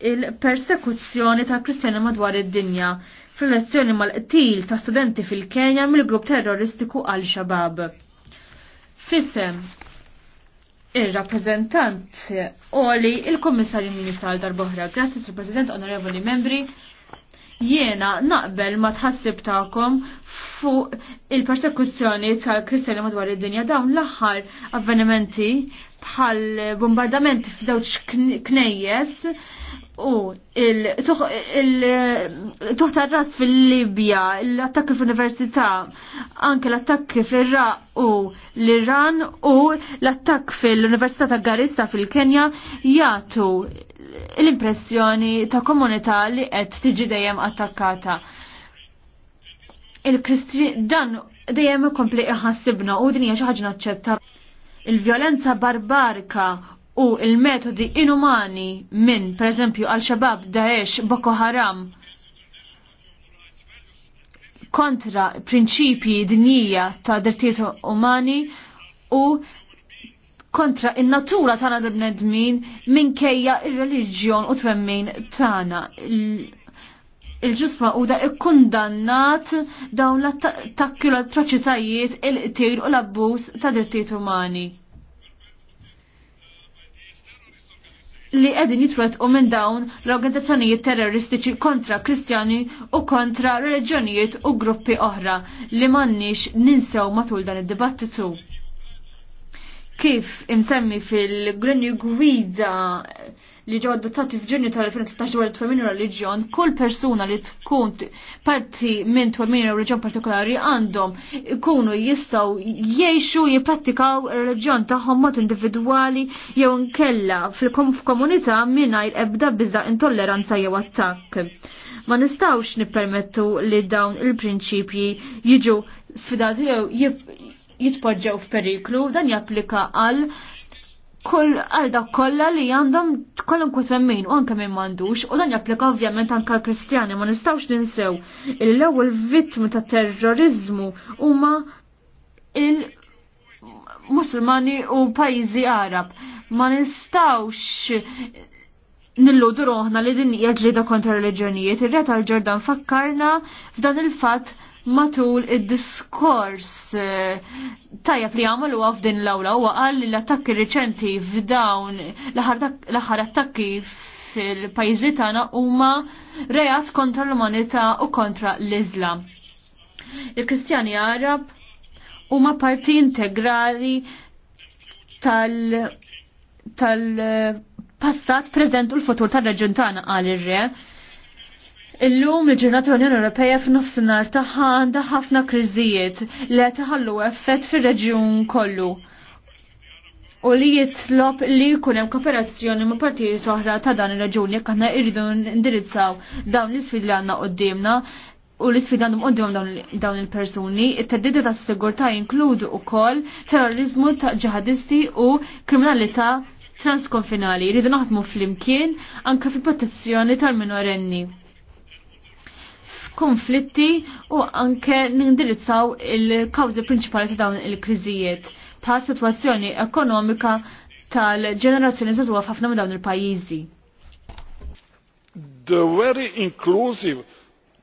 il-persekuzzjoni ta' kristjani madwar id-dinja fil-lezzjoni mal-qtil ta' studenti fil-Kenja mill-grupp terroristiku għal xabab Fisem, il-rappresentant Oli, il-Kommissarju Ministral darbohra. Grazie, Sir President, onorevoli membri. Jiena naqbel ma tħassib tagħkom fuq il-persekuzzjoni tal-Kristjani madwar id-dinja dawn l-aħħar avvenimenti bħal bombardamenti f'dawċ knejjes u il-tuħ ras fil-Libja, l-attakki fil-Università, anke l-attakki fil-Iraq u l-Iran u l-attakk fil-Università ta' Garissa fil-Kenja jgħatu l-impressjoni ta' komunità li qed tiġi dejjem attakkata. il kristi dan dejjem ikompli iħassibna u din hija xi ħaġa naċċetta. Il-vjolenza barbarika u il-metodi inumani minn, pereżempju, għal xabab Daesh, Boko Haram, kontra prinċipji dinjija ta' drittijiet umani u kontra in-natura tagħna l-bnedmin minkejja il reliġjon u twemmin tagħna. Il-ġusma u da ikkundannat dawn l-attakki l atroċitajiet il tir u l-abbuż ta' drittijiet umani. li edin u minn dawn l-organizzazzjonijiet terroristiċi kontra kristjani u kontra reġjonijiet u gruppi oħra li mannix ninsew matul dan id-dibattitu kif imsemmi fil-Grenju Gwiza li ġo adottati f'ġunju tal-2013 dwar it-twemmin reliġjon, kull persuna li tkun parti minn twemmin reliġjon partikolari għandhom ikunu jistaw jiexu jiprattikaw reliġjon tagħhom mod individwali jew nkella fil-komunità mingħajr ebda bizda intolleranza jew attakk. Ma nistawx nippermettu li dawn il-prinċipji jiġu sfidati jew jitpoġġew f'periklu dan japplika għal kull għal dak kollha li għandhom kollhom kwet min u anke min m'għandux u dan japplika ovvjament anke għal Kristjani ma nistgħux ninsew il-ewwel vittmi ta' terrorizmu huma il musulmani u pajjiżi Arab. Ma nistgħux nilludu roħna li din hija ġrida kontra reliġjonijiet. Ir-re tal-Ġordan fakkarna f'dan il-fatt matul id-diskors eh, tajab li għamlu għaf din l-awla u għal l-attakki reċenti f'dawn l-ħar attakki fil-pajzi tagħna huma reat kontra l-umanità u kontra l izla Il-Kristjani Arab huma parti integrali tal- tal-passat, eh, preżent u l-futur tal-reġun tagħna qal ir-re Illum il-ġurnata tal unjoni Ewropea f'nofsinhar tagħha għandha ħafna kriżijiet li qed iħallu effett fir-reġjun kollu. U li jitlob li jkun hemm kooperazzjoni ma' partijiet oħra ta' dan ir reġjun jekk aħna rridu indirizzaw dawn l-isfidi li għandna qudiemna u l-isfidi għandhom qudiem dawn il-persuni, it-teddida ta' sigurtà jinkludu wkoll terrorizmu ta' ġihadisti u kriminalità transkonfinali. Rridu naħdmu fl-imkien anke fil protezzjoni tal-minorenni konflitti u anke nindirizzaw il-kawzi prinċipali ta' dawn il-kriżijiet pa' situazzjoni ekonomika tal-ġenerazzjoni żagħżugħa f'ħafna minn dawn il-pajjiżi. The very inclusive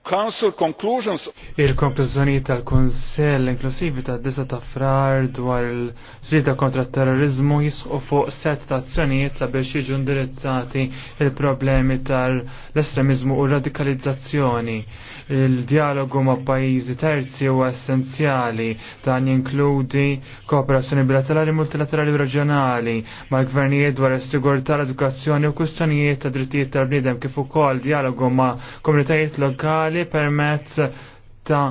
Council conclusions. Il-konklużjoni tal-Kunsell inklusivi ta' disa ta' frar dwar il-ġrida kontra terrorizmu jisqu fuq set ta' azzjonijiet sabiex jiġu indirizzati il-problemi tal-estremizmu u radikalizzazzjoni. Il-dialogu ma' pajjiżi terzi u essenzjali dan jinkludi kooperazzjoni bilaterali, multilaterali u reġjonali ma' gvernijiet dwar is-sigurtà, l-edukazzjoni u kwistjonijiet ta' drittijiet tal-bniedem kif ukoll dialogu ma' komunitajiet lokali li permezz ta'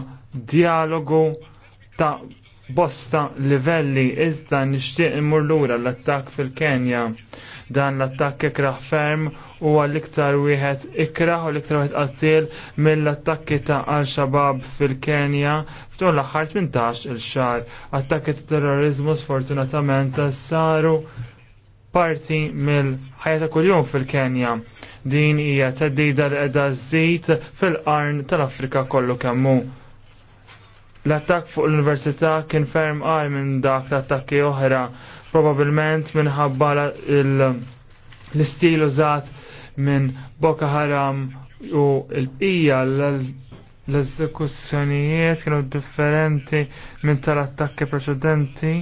dialogu ta' bosta livelli iżda nixtieq imur lura l-attakk fil-Kenja. Dan l-attakk ikraħ ferm u għall-iktar wieħed ikraħ u l-iktar wieħed qattil mill-attakki ta' Al-Shabaab fil-Kenja f'tul l-aħħar 18 il-xar. Attakki ta' terrorizmu sfortunatament saru parti mill-ħajja ta' kuljum fil-Kenja. Din hija teddida l qiegħda żejt fil-qarn tal-Afrika kollu kemmu. L-attak fuq l-Università kien ferm qal minn dak ta' attakki oħra, probabbilment minħabba l-istil użat minn Boko Haram u l-bqija l-eżekuzzjonijiet kienu differenti minn tal-attakki preċedenti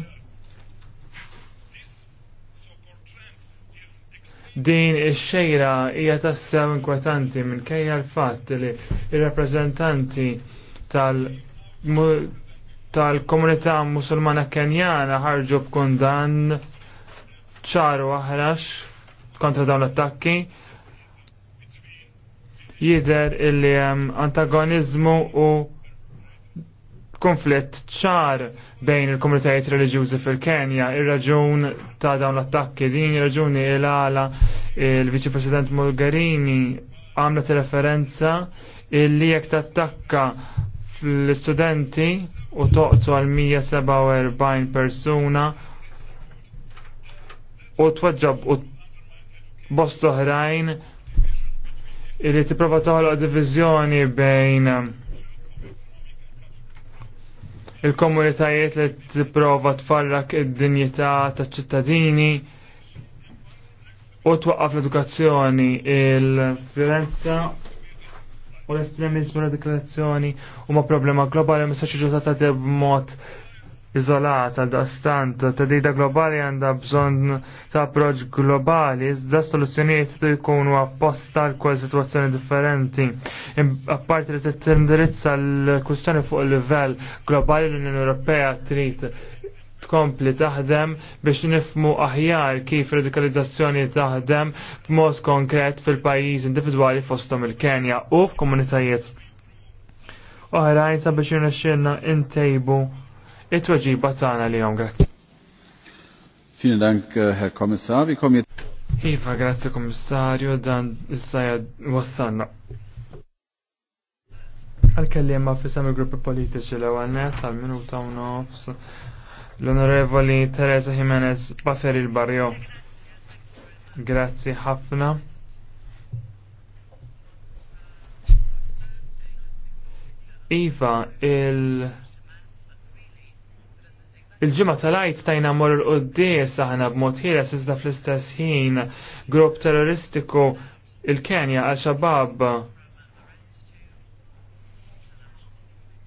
Din ix-xejra hija tassew inkwetanti kejja l-fatt li il rappreżentanti tal tal-komunità musulmana kenjana ħarġu b'kundan ċaru aħrax kontra dawn l-attakki jider illi antagonizmu u konflitt ċar bejn il-komunitajiet reliġjużi fil-Kenja. Ir-raġun ta' dawn l-attakki din ir-raġuni il-għala il-Viċi President Mulgarini għamlet referenza illi jekk tattakka fl-istudenti u toqtu għal 147 persuna u t-wagġab u bost oħrajn illi tipprova toħloq diviżjoni bejn il-komunitajiet li t-prova t-farrak id-dinjità ta' ċittadini u twaqqaf l-edukazzjoni il-violenza u l-estremizmu radikalazzjoni u ma' problema globali ma' saċiġu ta' mod izolata da stant ta' dida globali għanda bżon ta' approċ globali, da soluzzjonijiet tu jkunu apposta l kwa situazzjoni differenti. Apparti li t-tindirizza l-kustjoni fuq il-livell globali l-Unjoni Ewropea trid tkompli taħdem biex nifmu aħjar kif radikalizzazzjoni taħdem b'mod konkret fil-pajjiż individwali fostom il-Kenja u f'komunitajiet oħrajn sabiex jirnexxilna intejbu it-tweġiba tagħna li jom grazzi. Vielen Dank, äh, Herr Kommissar. Wie kommen Iva, grazzi Kommissario. dan wassanna. Al-kelli jemma fi sami gruppi politiċi l-ewwel tal-minuta u nofs l-Onorevoli Teresa Jimenez Bafer il-Barrio. Grazzi ħafna. Iva, il- Il-ġimgħa tal-għajt stajna mor l qoddis aħna b'mod ħieles iżda fl-istess ħin grupp terroristiku il-Kenja għal xabab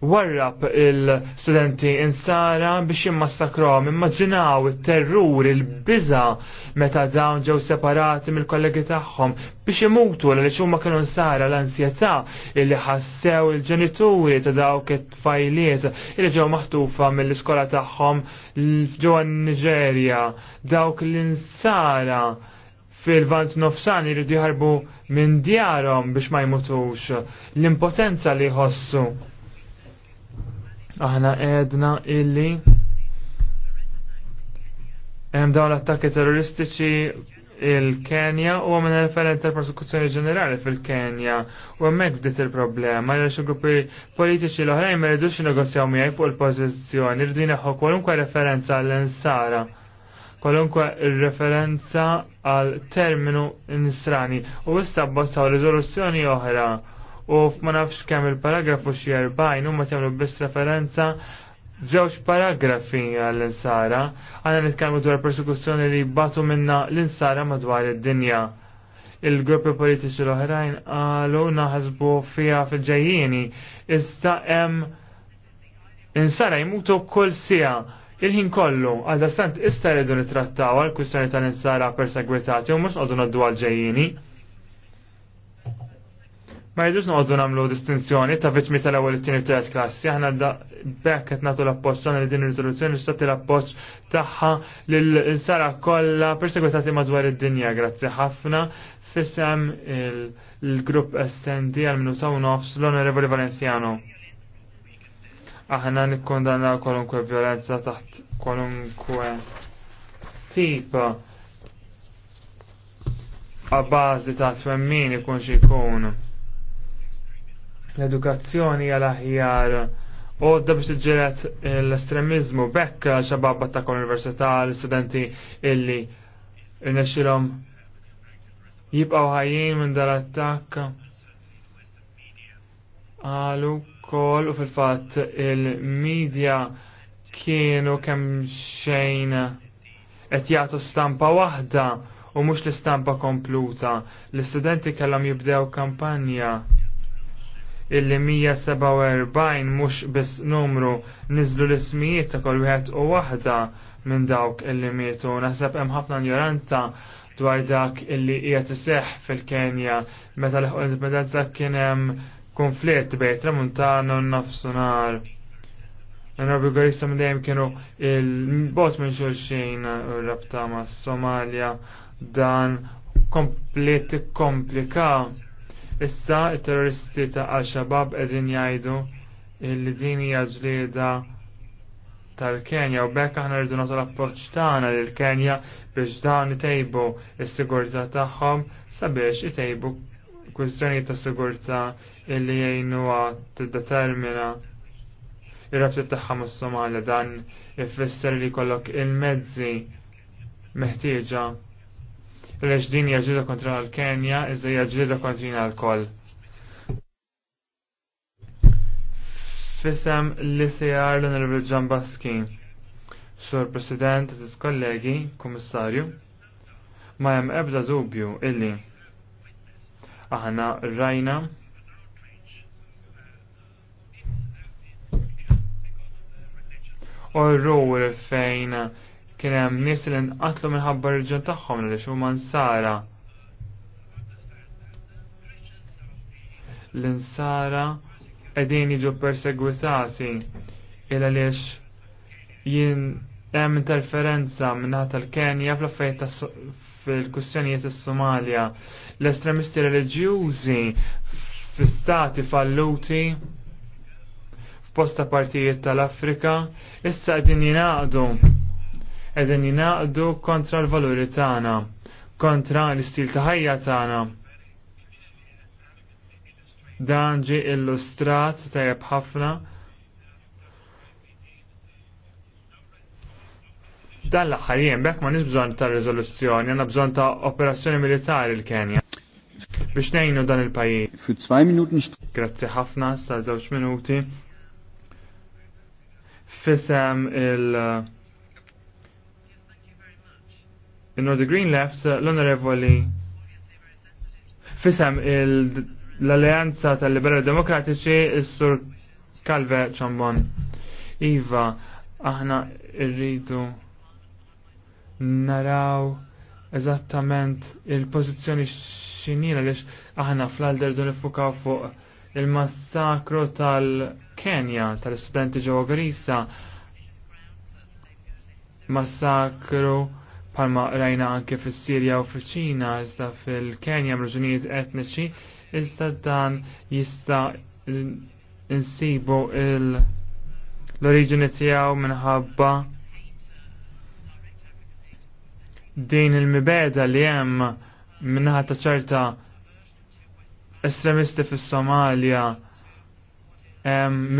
warrab il-studenti insara biex jimmassakrom, immaġinaw il-terrur, il-biza meta dawn ġew separati mill-kollegi tagħhom biex imutu l huma kienu insara l-ansjetà illi ħassew il-ġenituri ta' dawk it-tfajliet illi ġew maħtufa mill-iskola tagħhom ġewwa Niġerja dawk l-insara fil-vant nofsan jridu jħarbu minn djarhom biex ma jmutux l-impotenza li jħossu Aħna edna illi hemm dawn l-attakki terroristiċi il-Kenja u għamil referenza tal prosekuzzjoni ġenerali fil-Kenja u għemmek bdiet il-problema għal xi gruppi politiċi l-oħrajn ma rridux negozjaw miegħi fuq il-pożizzjoni rridu jneħħu kwalunkwe referenza għall insara kwalunkwe referenza għal terminu nisrani u issa bbozzaw riżoluzzjoni oħra u ma nafx kemm il-paragrafu xi erbajn huma tagħmlu biss referenza żewġ paragrafi għall-insara, għandna nitkellmu dwar persekuzzjoni li batu minna l-insara madwar id-dinja il-gruppi politiċi l-oħrajn għalu naħsbu fija fil ġejjieni Iżda hemm insara jmutu kull sija il-ħin kollu, għal-dastant ista rridu nitrattaw għal-kustjoni tal-insara persegwitati u mux qogħdu naddu għal-ġajjini. Ma jidux noqogħdu nagħmlu distinzjoni ta' viċmi tal-ewwel it-tieni tielet klassi, aħna bekk qed nagħtu l-appoġġ li din ir-riżoluzzjoni x'tagħti l-appoġġ tagħha lil-insara kollha persegwitati madwar id-dinja, grazzi ħafna fissem il-grupp SND għal minuta u nofs l-Onorevoli Valenciano. Aħna nikkondanna kwalunkwe violenza taħt kwalunkwe tip għabbażi ta' twemmin ikun xi jkun L-edukazzjoni għal aħjar u da biex tġeret l-estremizmu bekk xababba ta' università l-studenti illi irnexxilhom jibqgħu ħajjin minn dal-attakk għalu kol u fil-fatt il-medja kienu kemm xejn qed jagħtu stampa waħda u mhux l-istampa kompluta. L-istudenti kellhom jibdew kampanja il 147 mhux bis numru niżlu l-ismijiet ta' kol wieħed u waħda minn dawk il mietu. Naħseb hemm ħafna ignoranza dwar dak illi hija iseħħ fil-Kenja meta l indipendenza kien hemm konflitt bejn tramuntana u nafsunar. Narabu Gorissa minn dejjem kienu il-bot minn xulxin rabta ma' Somalia dan komplet komplika. Issa il-terroristi ta' Al-Shabaab edin jajdu illi din hija ġlieda tal-Kenja u bekk aħna rridu nagħtu l-appoġġ tagħna lill Kenja biex dawn itejbu s-sigurtà tagħhom sabiex itejbu kwistjonijiet ta' sigurtà illi jgħinuha tiddetermina ir rabti tagħha mas-Somalja dan ifisser li jkollok il-mezzi meħtieġa Lex din jaġġida kontra l-Kenja, iżda jaġġida kontrina l-koll. Fisem l-ICR e l-Onorevole Ġambaski. Sur President, Aziz Kollegi, Komissarju, ma jem ebda dubju illi aħna rajna u r-rur fejn kien hemm nies li nqatlu minħabba r-reġjun tagħhom li huma nsara. L-insara qegħdin jiġu persegwitati il għaliex jien hemm interferenza minnaħa tal-Kenja fl-affarijiet fil-kustjonijiet is-Somalja. L-estremisti reliġjużi fl-istati falluti f'posta partijiet tal-Afrika issa qegħdin jingħaqdu edin jinaqdu kontra l-valuri tagħna, kontra l-istil ta' ħajja tagħna. Dan ġi illustrat tajjeb ħafna dan l-aħħar jiem bekk ma bżonn ta' riżoluzzjoni, għandna bżonn ta' operazzjoni militari l-Kenja. Biex nejnu dan il-pajjiż. Fi 2 minuten. Grazzi ħafna sa' żewġ minuti. Fisem il- In nord Green Left, uh, l-Onorevoli fisem l-Alleanza tal-Liberali Demokratiċi, il-Sur Kalve Ċambon. Iva, aħna irridu naraw eżattament il-pozizjoni xinina għaliex aħna fl-alder dun nifukaw fuq il-massakru tal-Kenja tal-istudenti ġewa Grisa massakru palma rajna anke fis-Sirja u fil-ċina, iżda fil-Kenja mruġunijiet etniċi, iżda dan jista' insibu l-oriġini tiegħu minħabba din il-mibeda li hemm minnaħa ta' ċerta estremisti fis-Somalja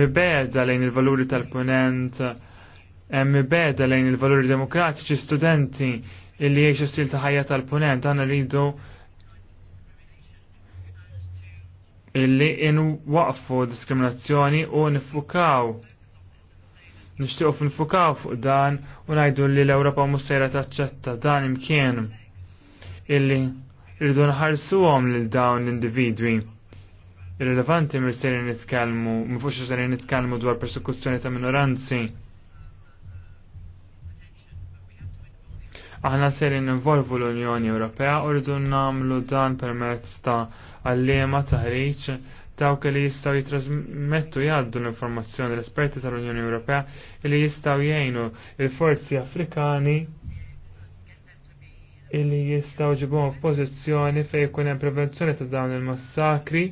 mibeda lejn il-valuri tal-punent hemm beda lejn il-valuri demokratiċi studenti illi jiexu stil ta' ħajja tal-punent għandna rridu illi inwaqfu diskriminazzjoni u nifukaw nishtiqo fil-fukaw fuq dan u najdu li l-Ewropa mussejra taċċetta dan imkien illi irridu nħarsuhom lil dawn l-individwi. Irrelevanti mir serin nitkellmu, mifux serin nitkellmu dwar persekuzzjoni ta' minoranzi. Aħna ser involvu l-Unjoni Ewropea u rridu nagħmlu dan permezz ta' għallima taħriġ dawk li jistaw jitrasmettu jgħaddu l-informazzjoni l-esperti tal-Unjoni Ewropea li jistaw jgħinu il-forzi Afrikani illi jistaw ġibhom f'pożizzjoni fejn jkun hemm prevenzjoni ta' dawn il-massakri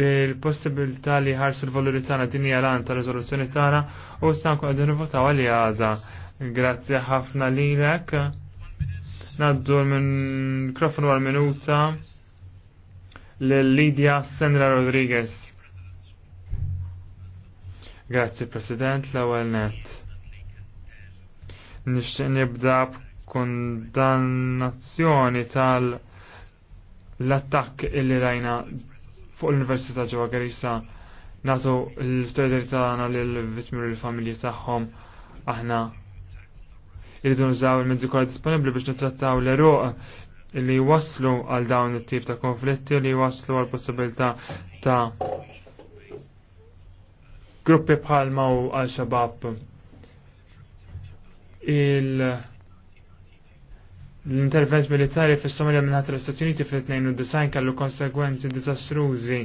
bil-possibilità li ħarsu l-valuri tagħna din hija lan ta' riżoluzzjoni tagħna u issa nkun qegħdin nivotaw għal għadha Grazzi ħafna lilek. Naddu minn mikrofonu għal minuta l Lidia Sandra Rodriguez. Grazzi President l-ewwel net. Nixtieq nibda b'kondannazzjoni tal l-attakk illi rajna fuq l-Università ġewwa Garissa Natu l-solidarità tagħna lill-vittmi u l-familji tagħhom aħna irridu nżaw il-mezzi kolla disponibbli biex nittrattaw l-eruq li waslu għal dawn it-tip ta' konflitti li waslu għal possibilità ta' gruppi bħalma u għal xabab il- L-intervent militari fis somalja minnħat l-Istati Uniti fil-92 kellu konsegwenzi dizastrużi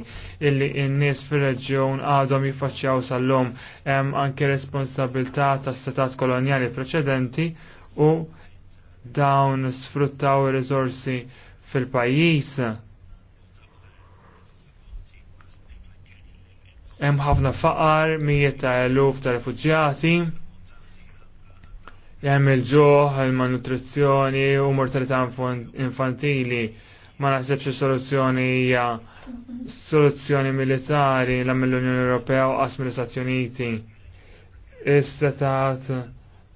illi n-nies fil-reġjon għadhom jiffaċċjaw sal-lum hemm anke responsabilità tas-setat kolonjali preċedenti u dawn sfruttaw ir-riżorsi fil-pajjiż. Hemm ħafna faqar, mijiet ta' eluf ta' refuġjati Hemm il-ġoħ, il manutrizzjoni u mortalità infantili. Ma naħsebx soluzzjoni hija soluzzjoni militari l mill-Unjoni Ewropea u qas mill-Istati Uniti. Is-setat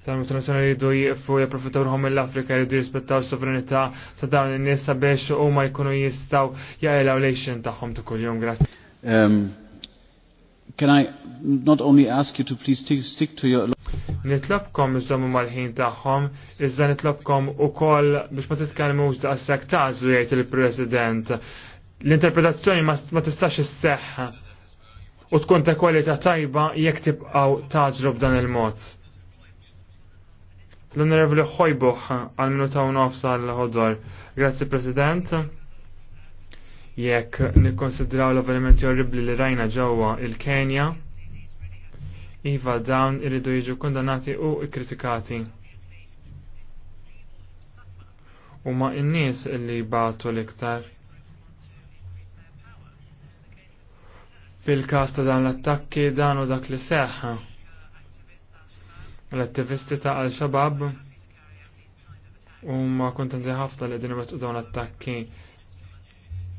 tal-multinazzjonali jridu jieqfu japprofittaw mill-Afrika jridu jispettaw s-sovranità ta' dawn in-nies sabiex huma jkunu jistgħu jgħilgħu lejxin tagħhom ta' kuljum. Grazzi. Can I not only ask you to please stick, stick to your... Nitlobkom iżommu mal-ħin tagħhom, iżda nitlobkom ukoll biex ma titkellmux daqshekk tażu jgħid il-President. L-interpretazzjoni ma tistax isseħħ u tkun ta' kwalità tajba jekk tibqgħu taġrob b'dan il-mod. L-Onorevoli Hojbuħ għal-minuta u nofsa għal-ħodor. Grazzi President jekk nikkonsidraw l-avvenimenti orribli li rajna ġewwa il-Kenja, iva dawn iridu jiġu kondannati u ikkritikati. Huma n-nies li batu l-iktar. Fil-każ ta' dawn l-attakki dan u dak li seħħa. L-attivisti ta' al-Shabab huma kontenti ħafna li din u dawn l-attakki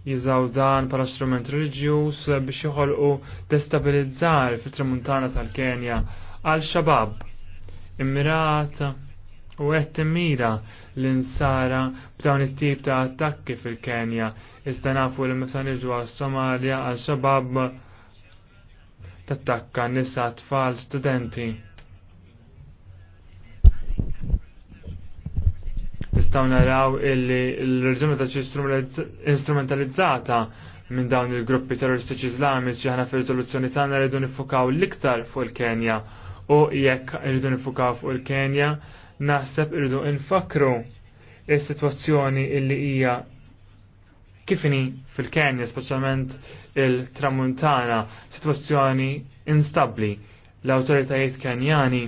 jużaw dan pala strument religjus biex joħolqu destabilizzar fit tramuntana tal-Kenja għal xabab immirat u qed timmira l insara b'dawn it-tip ta' attakki fil-Kenja iżda nafu li meta niġu għal somalia għal xabab tattakka nisa tfal studenti. nistaw naraw illi l-reġuna ta' instrumentalizzata minn dawn il-gruppi terroristiċi islamiċi ħana fil-rizoluzzjoni tagħna rridu nifukaw l-iktar fuq il-Kenja u jekk rridu nifukaw fuq il-Kenja naħseb irridu nfakru is-sitwazzjoni illi hija kifini fil-Kenja, speċjalment il-Tramuntana, sitwazzjoni instabli. L-awtoritajiet Kenjani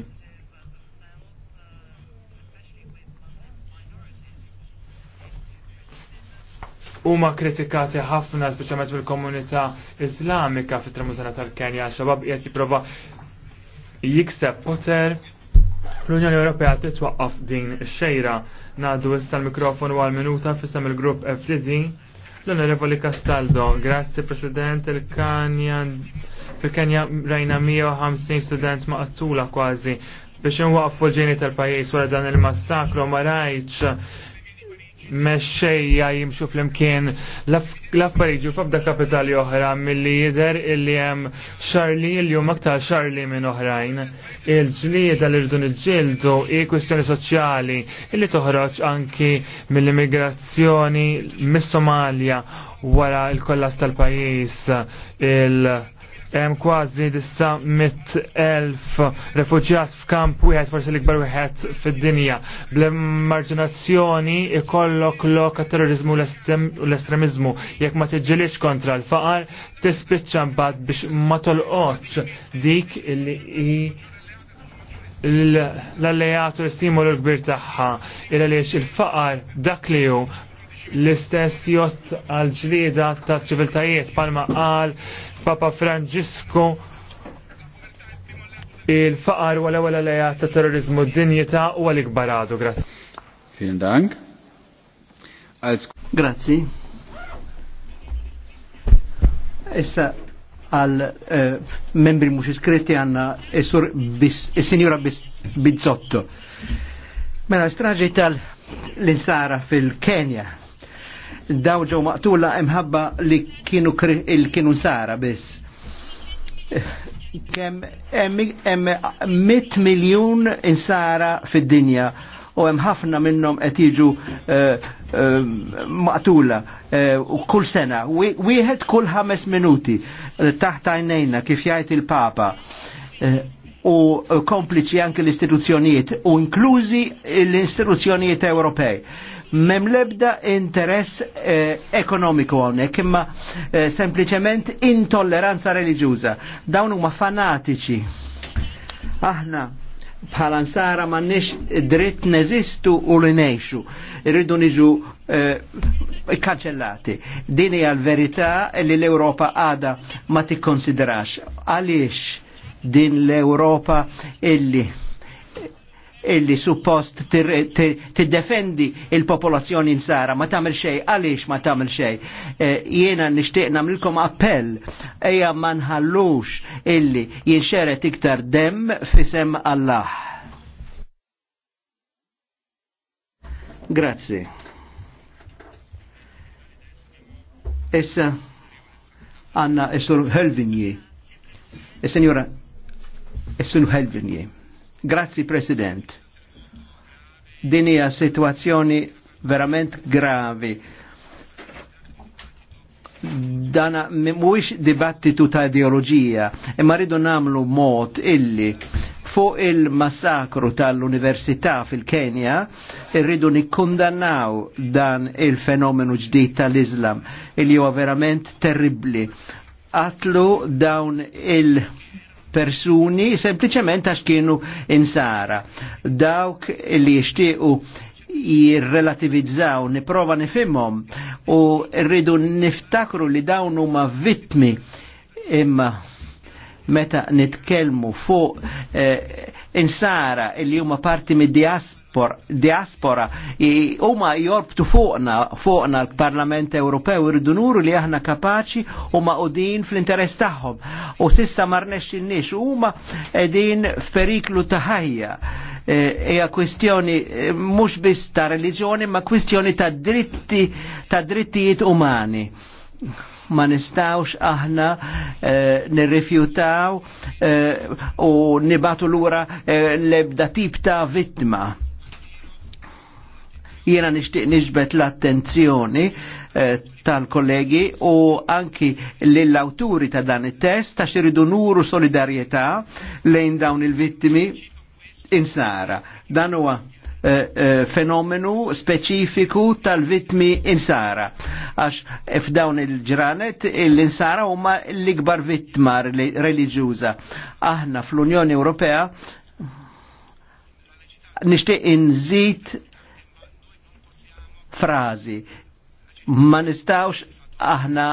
huma kritikati ħafna speċjalment fil-komunità Iżlamika fit-Tramużana tal-Kenja xabab qiegħed jipprova jikseb poter l-Unjoni Ewropea titwaqqaf din ix-xejra ngħaddu issa l-mikrofonu għal minuta fisem il-grupp FDD l-Onorevoli Castaldo, grazzi President, il kenja fil-Kenja rajna 150 student maqtula kważi biex nwaqfu l-ġeni tal-pajis wara dan il-massakru ma rajtx meċċeja jimxu flimkien l-affarijiet f'abda kapitali oħra milli jidher illi hemm xarli il jum aktar xarli minn oħrajn. Il-ġlieda li rridu niġġieldu hi kwistjoni soċjali illi toħroġ anki mill-immigrazzjoni mis-Somalja wara l-kollas tal-pajjiż il- hemm kważi dista mit elf refuġjat f'kamp wieħed forsi l-ikbar wieħed fid-dinja. Bl-marġinazzjoni ikollok lok terrorizmu u l-estremizmu jekk ma tiġġilix kontra l-faqar tispiċċa mbagħad biex ma tolqotx dik illi hi l-allejatu l-stimolu l-kbir tagħha il għaliex il-faqar dak li hu l-istess jott għal ġlieda ta' ċiviltajiet palma qal Papa Franġisku il-faqar u l-ewwel għalija ta' terrorizmu d-dinjità u għal ikbaradu. Grazie. Vielen Dank. Grazzi. Issa għal eh, membri mux iskritti għanna il-Sinjora Bizzotto. Mela, straġi tal-insara fil-Kenja daw ġew maqtula imħabba li kienu kienu sara biss. Kemm hemm 100 miljun insara fid-dinja u hemm ħafna minnhom qed jiġu eh, eh, maqtula eh, u kull sena, wieħed kull ħames minuti taħt għajnejna kif jgħid il-Papa u kompliċi anke l-istituzzjonijiet u inklużi l-istituzzjonijiet Ewropej Mem lebda interess eh, ekonomiku għonek, imma eh, sempliciment intolleranza religjuza. Dawn huma fanatiċi. Aħna bħal ansara m'għandniex dritt neżistu u li ngħixu. Irridu niġu eh, kanċellati. Din hija l-verità li l europa għada ma tikkonsidrax. Għaliex din l europa illi illi suppost tiddefendi il-popolazzjoni insara ma tagħmel xej għaliex ma tagħmel xej. Eh, jiena nixtieq nagħmilkom appell ejja ma nħallux illi jinxeret iktar dem fisem Allah. Grazzi. Issa għanna issur sur Helvinji. Is-senjura is Grazzi President. Din situazioni situazzjoni verament gravi. Dana mhuwiex dibattitu ta' ideoloġija, imma rridu nagħmlu mod illi fuq il-massakru tal-Università fil-Kenja irridu nikkundannaw dan il-fenomenu ġdid tal-Islam il huwa verament terribli. Atlu dawn il- persuni sempliċement għax kienu insara. Dawk li jishtiqu jirrelativizzaw, niprofa nifimhom u rridu niftakru li dawn huma vittmi imma meta nitkelmu fuq eh, insara li huma parti mid-diaspora diaspora huma jorbtu fuqna fuqna l-Parlament Ewropew irridu nuru li aħna kapaċi u qudin fl-interess tagħhom. U sissa ma rnexxinniex huma qegħdin f'periklu ta' ħajja. Eja kwistjoni e, mhux biss ta' reliġjoni ma kwistjoni ta' dritti ta' drittijiet umani ma nistawx aħna eh, nirrifjutaw eh, u nibatu l-ura eh, lebda tip ta' vittma Jiena nixtieq nixbet l-attenzjoni eh, tal-kollegi u anki lill-awturi ta' dan it-test ta' xiridu nuru solidarjetà lejn dawn il-vittimi insara. Dan huwa eh, eh, fenomenu speċifiku tal vittmi insara. Għax f'dawn il-ġranet l-insara huma l-ikbar vittma reliġjuża. Aħna fl-Unjoni Ewropea nixtieq inżid frażi. Ma nistawx aħna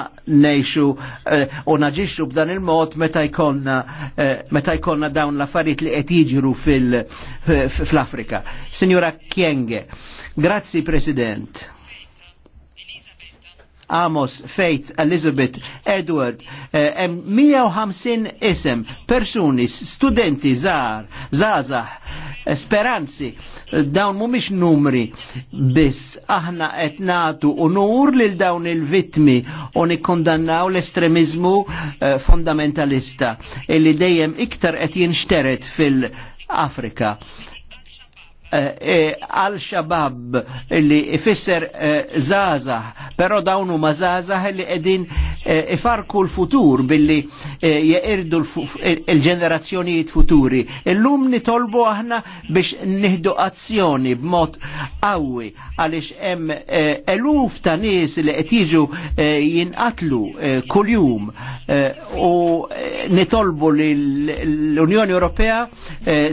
nejxu eh, u naġixxu b'dan il-mod meta jkollna eh, meta dawn l-affarijiet li qed jiġru fil-Afrika. Signora Kienge, grazzi President. Amos, Faith, Elizabeth, Edward, hemm eh, 150 isem, persuni, studenti zar, Zazah, speranzi, dawn mhumiex numri biss aħna natu nagħtu unur lil dawn il-vittmi u ikkondannaw l-estremizmu eh, fundamentalista. illi dejjem iktar qed jinxteret fil- Afrika għal eh, eh, xabab li ifisser eh, zazah, pero dawnu ma zazah li edin ifarku l-futur billi jeqirdu l-ġenerazzjonijiet futuri. Illum nitolbu aħna biex nihdu azzjoni b'mod qawwi għaliex hemm eluf ta' nies li qed jiġu jinqatlu kuljum u nitolbu li l-Unjoni Ewropea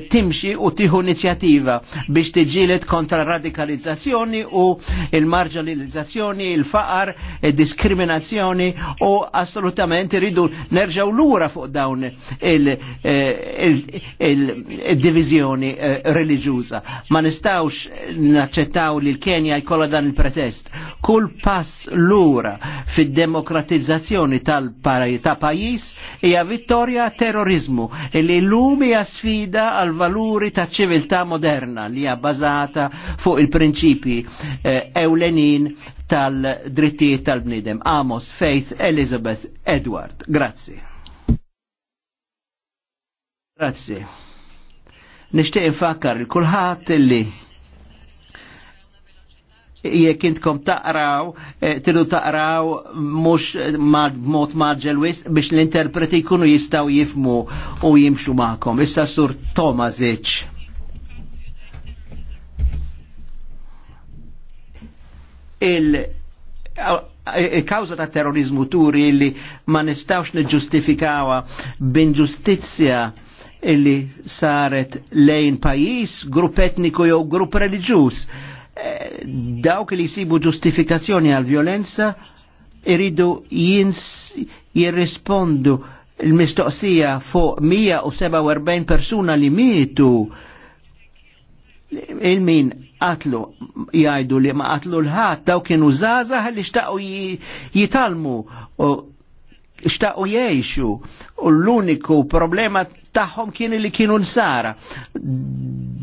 timxi u tieħu inizjattiva biex tiġilet kontra radikalizzazzjoni u il-marġalizzazzjoni, il-faqar, il-diskriminazzjoni u assolutament ridu nerġaw lura fuq dawn il-divizjoni eh, eh, religjuza. Ma nistawx naċċettaw li l-Kenja jkolla dan il-pretest. Kull pass lura fid-demokratizzazzjoni tal-pajjiż -pa hija vittorja terrorizmu li l-lum sfida għal valuri ta' ċiviltà moderna li hija bażata fuq il-prinċipi eh, ewlenin tal-drittijiet tal-bnidem. Amos, Faith, Elizabeth, Edward. Grazzi. Grazzi. Nishtiq infakkar il-kulħat li jekk intkom taqraw, eh, tidu taqraw mhux mod maġġel wis biex l-interpreti jkunu jistgħu jifmu u jimxu magħkom. Issa sur Tomazic. il- il-kawza ta' terrorizmu turi illi ma nistawx neġustifikawa bin ġustizja illi saret lejn pajis, grupp etniku jew grupp reliġjuż. Eh, dawk li jisibu ġustifikazzjoni għal violenza iridu jirrispondu l-mistoqsija fuq 147 persuna li mietu il-min qatlu jajdu li ma qatlu l ħat daw kienu zazah li xtaqu jitalmu xtaqu jiexu u l-uniku problema tagħhom kien li kienu nsara.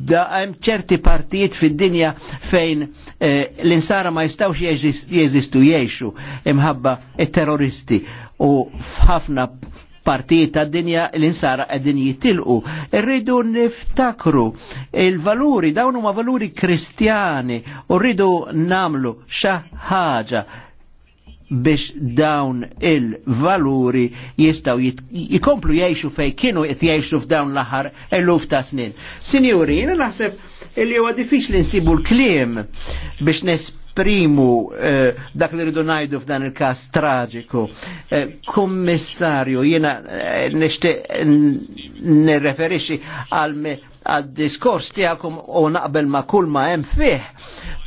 Da hemm ċerti partijiet fid-dinja fejn eh, l-insara ma jistawx jeżistu jgħixu imħabba il terroristi u f'ħafna partijiet ta' dinja li nsara qegħdin jitilqu. Rridu niftakru il-valuri dawn huma valuri kristjani u rridu namlu xi ħaġa biex dawn il-valuri jistaw jikomplu jiexu fej kienu jt jiexu f'dawn l-ħar eluf ta' snin. Sinjuri, jina naħseb il-li huwa diffiċli nsibu l-klim biex nesp nesprimu eh, dak li rridu najdu f'dan il-kas traġiku. Eh, Kommissarju, jena eh, nishtiq nirreferixi għal diskors tijakum u naqbel ma kull ma jem fih.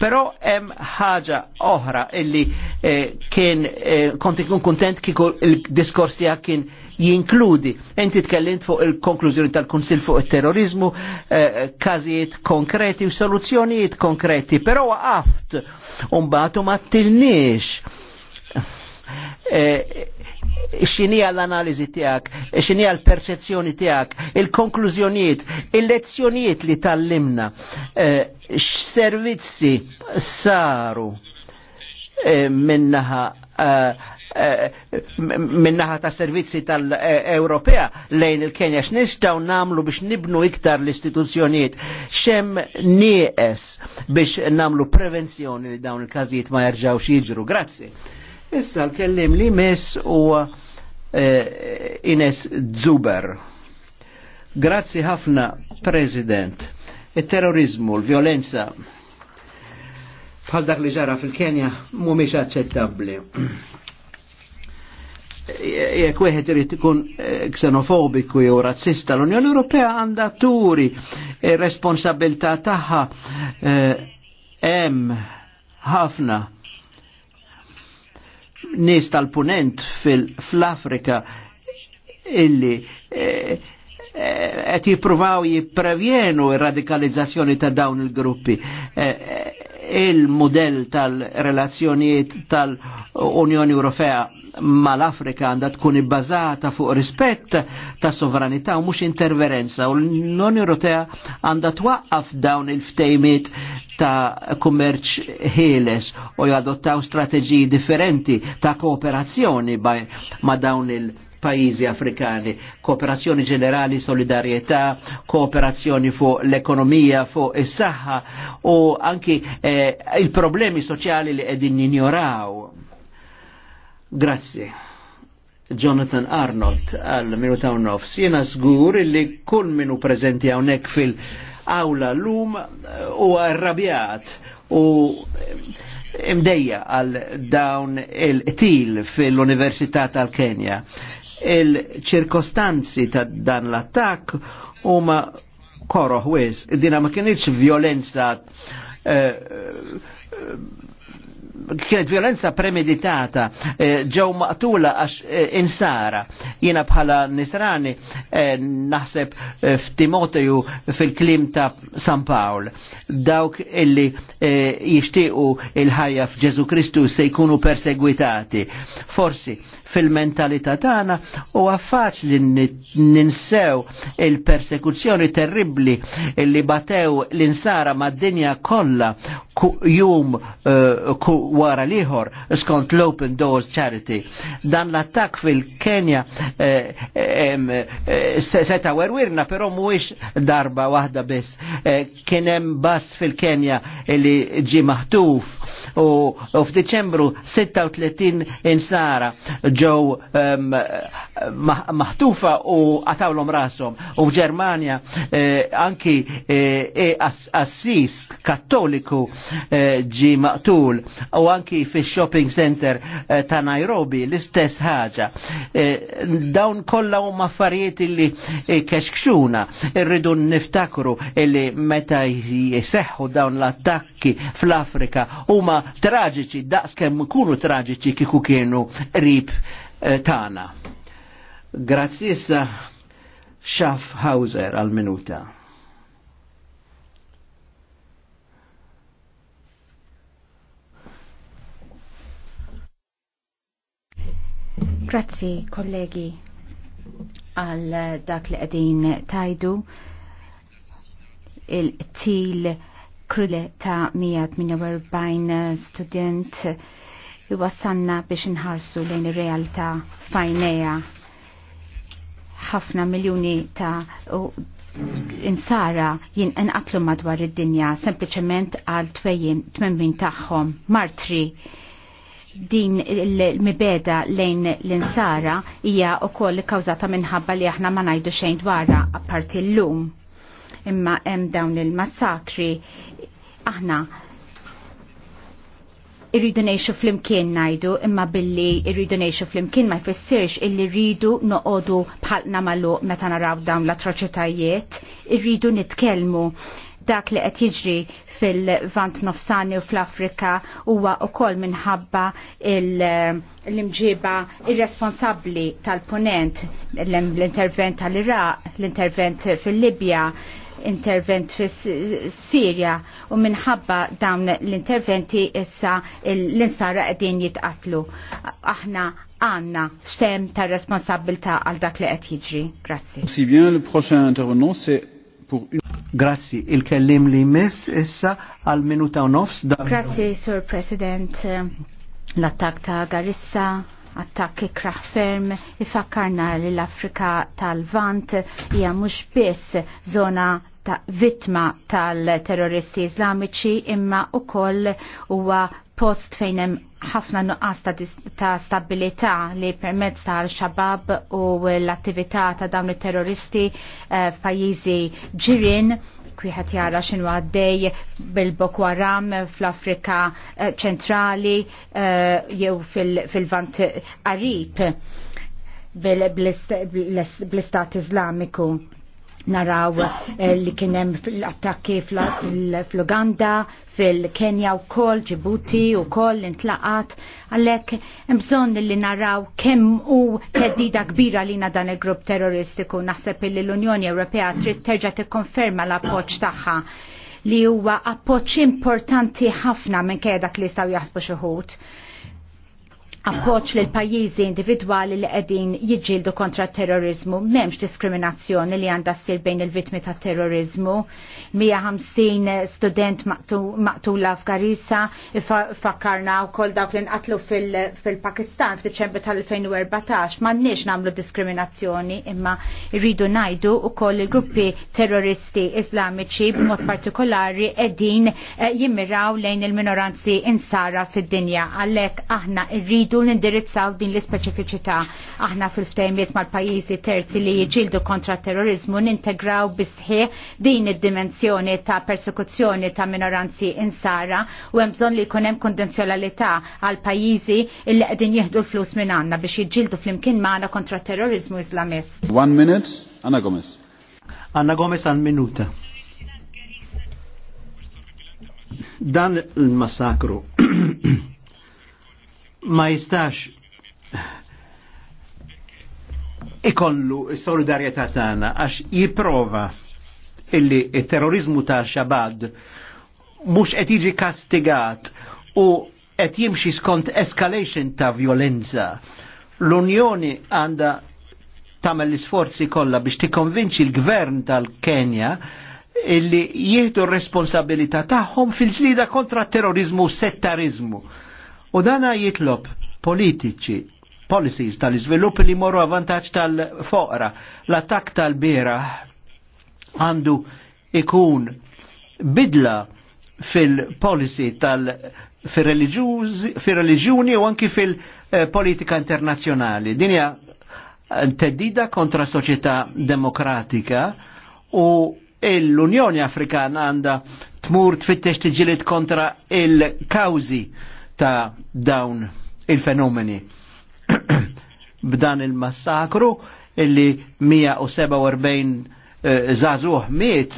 Pero jem ħaġa oħra illi eh, kien eh, konti kun kontent kiku il-diskors tijak kien jinkludi. Inti tkellint fuq il-konklużjoni tal-Kunsil fuq il-terrorizmu, eh, kazijiet konkreti u soluzzjonijiet konkreti, pero għaft un batu ma tilniex Eh, xinija l-analizi tijak, eh, xinija l-perċezzjoni tijak, il-konklużjonijiet, il-lezzjonijiet li tal-limna, eh, x-servizzi saru minnaħa minnaħa ta' servizzi tal-Ewropea lejn il-Kenja x'nistgħu namlu biex nibnu iktar l-istituzzjonijiet x'hemm nieqes biex namlu prevenzjoni li dawn il-każijiet ma jerġgħux jiġru. Grazzi. Issa l-kellim li mess u uh, eh, Ines Zuber. Grazzi ħafna, President. Il-terrorizmu, l-violenza, bħal dak li ġara fil-Kenja, mumiex aċċettabli. jekk wieħed irid ikun eh, xenofobiku jew razzista, l-Unjoni Ewropea għandha turi responsabilità tagħha eh, hemm ħafna nis tal-punent fil-Afrika illi eh, eh, qed eh, jippruvaw jipprevjenu ir-radikalizzazzjoni ta' dawn il-gruppi. Eh, il-modell tal-relazzjonijiet tal-Unjoni Ewropea mal-Afrika għandha tkun ibbażata fuq rispett ta' sovranità u mhux interverenza u l-Unjoni Ewropea għandha twaqqaf dawn il-ftejmiet ta' kummerċ ħieles u jadottaw strateġiji differenti ta' kooperazzjoni ma' dawn il- pajizi afrikani, kooperazzjoni ġenerali, solidarietà, kooperazzjoni fuq l-ekonomija, fuq is-saħħa u anki eh, il-problemi soċjali li edin ignoraw. Grazzi. Jonathan Arnold għal minuta u nofs. Jena zgur illi kull minu prezenti għonek fil-awla l-lum eh, u arrabjat u eh, imdeja għal dawn il-til fil-Università tal-Kenja. Il-ċirkostanzi ta' dan l-attak u ma koroħwis. dina ma kienieċ violenza eh, eh kienet violenza premeditata eh, ġew maqtula għax eh, insara jiena bħala nisrani eh, naħseb f'Timoteju fil-klim ta' San Pawl dawk illi jixtiequ il-ħajja f'Ġesu Kristu se jkunu persegwitati forsi fil-mentalità tagħna u għaffaċ li ninsew il-persekuzzjoni terribli li batew l-insara mad-dinja kollha jum eh, wara liħor skont l-Open Doors Charity. Dan l-attak fil-Kenja eh, eh, seta werwirna, però mhuwiex darba waħda biss. Kien hemm bass fil-Kenja li ġi maħtuf u f'Diċembru 36 insara ġew maħtufa u għatawlhom rashom. U ġermania eh, anki eh, e Assis Kattoliku eh, ġi maqtul u anki fi shopping center ta' Nairobi l-istess ħaġa. Dawn kollha huma affarijiet li kexxuna irridu niftakru li meta jseħħu dawn l-attakki fl-Afrika huma traġiċi daqs kemm ikunu traġiċi kieku kienu qrib Eh, tana. Grazzi issa Schaffhauser al minuta Grazie kollegi għal dak li qegħdin tajdu il-til krule ta' 148 student iwassanna biex nħarsu lejn ir-realtà fajneja ħafna miljuni ta' insara jien inqatlu madwar id-dinja sempliċement għal twejjim tmemmin tagħhom martri din il mibeda lejn l-insara hija wkoll kawżata minħabba li aħna ma ngħidu xejn dwarha apparti llum Imma hemm dawn il-massakri aħna irridu neħxu fl-imkien najdu imma billi irridu neħxu fl-imkien ma jfessirx illi rridu noqodu bħalna malu meta naraw dawn l-atroċitajiet irridu nitkelmu dak li qed jiġri fil-vant nofsani u fl-Afrika huwa wkoll minħabba l-imġiba irresponsabbli tal-punent l-intervent tal-Iraq, l-intervent fil-Libja, intervent fis Sirja u minħabba dawn l-interventi issa l-insara qegħdin jitqatlu. Aħna għanna xtem ta' responsabilta għal dak li qed jiġri. Grazzi. Si bien, Grazzi, il-kellim li mis issa għal minuta u nofs. Grazzi, Sir President. L-attak ta' Garissa, attakki kraħ ferm ifakkarna li l-Afrika tal-Vant hija mhux biss zona ta' vittma tal-terroristi islamiċi imma u koll huwa post fejnem ħafna nuqqas ta' stabilità li permezz ta' xabab u l-attività ta' dawn il-terroristi f'pajjiżi ġirin kwiħat jara xinu għaddej bil-Boko Haram fl-Afrika ċentrali jew fil-Vant Arib bil-Istat Islamiku naraw eh, li kienem attakki fl-Uganda, fil-Kenja u kol, Ġibuti u kol intlaqat, għalek mżon li naraw kemm u teddida kbira li na dan il-grupp terroristiku naħseb li l-Unjoni Ewropea trid terġa' tikkonferma l-appoġġ tagħha li huwa appoġġ importanti ħafna minn dak li jistgħu jaħsbu xuħut appoċ l pajjiżi individwali li qegħdin jiġġieldu kontra t terrorizmu m'hemmx diskriminazzjoni li għandha ssir bejn il-vittmi ta' terrorizmu. 150 student maqtula f'Garissa fakkarna wkoll dawk li nqatlu fil-Pakistan f'Diċembru tal-2014 m'għandniex nagħmlu diskriminazzjoni imma rridu ngħidu wkoll il-gruppi terroristi islamiċi b'mod partikolari qegħdin eh, jimmiraw lejn il-minoranzi insara fid-dinja għalhekk aħna rridu irridu nindirizzaw din l-ispeċifiċità. Aħna fil-ftejmiet mal-pajjiżi terzi li jġildu kontra terrorizmu nintegraw bisħi din id-dimensjoni ta' persekuzzjoni ta' minoranzi insara u hemm bżonn li jkun hemm kondenzjonalità għal pajjiżi li qegħdin jieħdu l-flus minn għandna biex jiġġieldu flimkien magħna kontra terrorizmu Islamist. One minute, Anna Gomez. Anna Gomez għal minuta dan il-massakru ma jistax ikollu s-solidarieta tagħna għax jipprova illi il-terrorizmu ta' xabad mhux qed jiġi kastigat u qed jimxi skont escalation ta' violenza. L-Unjoni għandha tagħmel l-isforzi kollha biex tikkonvinċi l-gvern tal-Kenja illi jieħdu r-responsabilità tagħhom fil-ġlida kontra terrorizmu u settarizmu. U dana jitlob politiċi policies tal-izvilupp li morru avantaġġ tal-foqra. L-attak tal-bira għandu ikun bidla fil-policy tal- fil-reliġjuni u anki fil-politika internazzjonali. Dinja teddida kontra soċjetà demokratika u l-Unjoni Afrikana għanda tmur tfittex tiġilit kontra il-kawzi ta' dawn il-fenomeni. B'dan il-massakru illi 147 eh, zazuh miet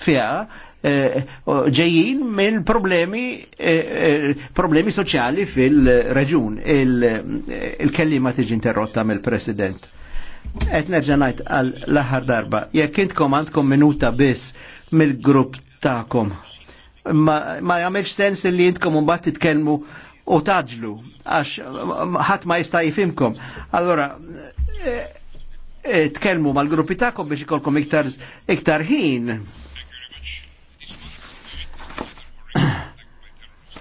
fija eh, ġejjin mill problemi eh, problemi soċjali fil-reġun. Il-kellima tiġi interrotta mill-President. Et nerġa' ngħid għal aħħar darba, jekk intkom komandkom minuta biss mill-grupp tagħkom ma jagħmelx sens li jintkom mbagħad titkellmu u taġlu għax ħadd ma jista' jifimkom. Allora e, e, tkellmu mal-gruppi ta'kom biex ikolkom iktar iktar ħin.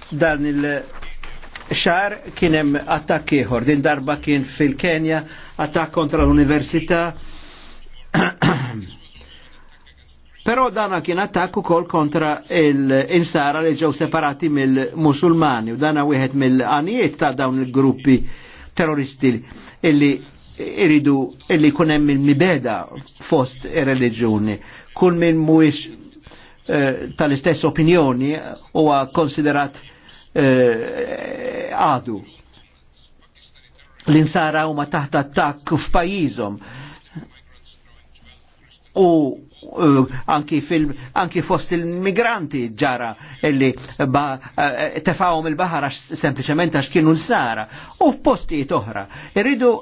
Dan il-xar kien hemm attakk ieħor, din darba kien fil-Kenja, attakk kontra l-Università, Però dana kien attakku kol kontra il-insara li ġew separati mill-musulmani u dana wieħed mill-għanijiet ta' dawn il-gruppi terroristi illi iridu illi kunem il-mibeda fost il-reliġjoni. Kull minn mhuwiex eh, tal-istess opinjoni huwa konsiderat eh, għadu. Eh, L-insara huma taħt attakk f'pajjiżhom. U Eh, anki, fil, anki fost il-migranti ġara illi eh, tefawhom il-baħar għax sempliċement għax kienu l-sara u f'postijiet oħra. Irridu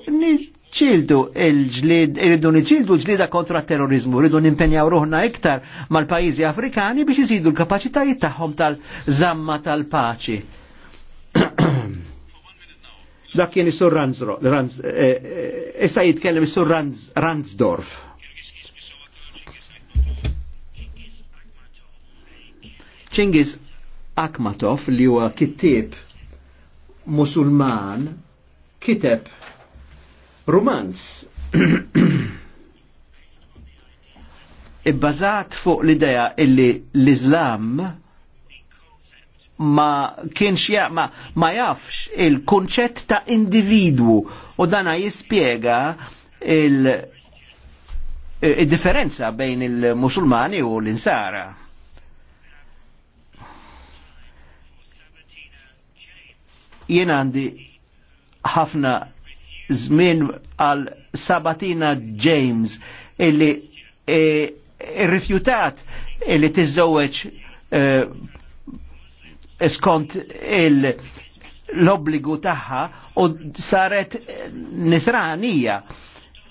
ċildu il-ġlid, irridu niċildu l-ġlida kontra terrorizmu, irridu nimpenjaw ruħna iktar mal-pajizi afrikani biex iżidu l-kapacitajiet tagħhom tal-żamma tal-paċi. Dak kien is-sur eh, Issa jitkellem is-sur Ranzdorf. Chingiz Akmatov li huwa kittib musulman kiteb romanz ibbażat fuq l-idea illi l-Islam ma kienx ma, ma jafx il-konċett ta' individwu u dana jispjega il-differenza il bejn il-Musulmani u l-Insara. jien għandi ħafna żmien għal Sabatina James illi e, irrifjutat e, illi tiżżewweġ e, skont il l-obbligu tagħha u saret nisranija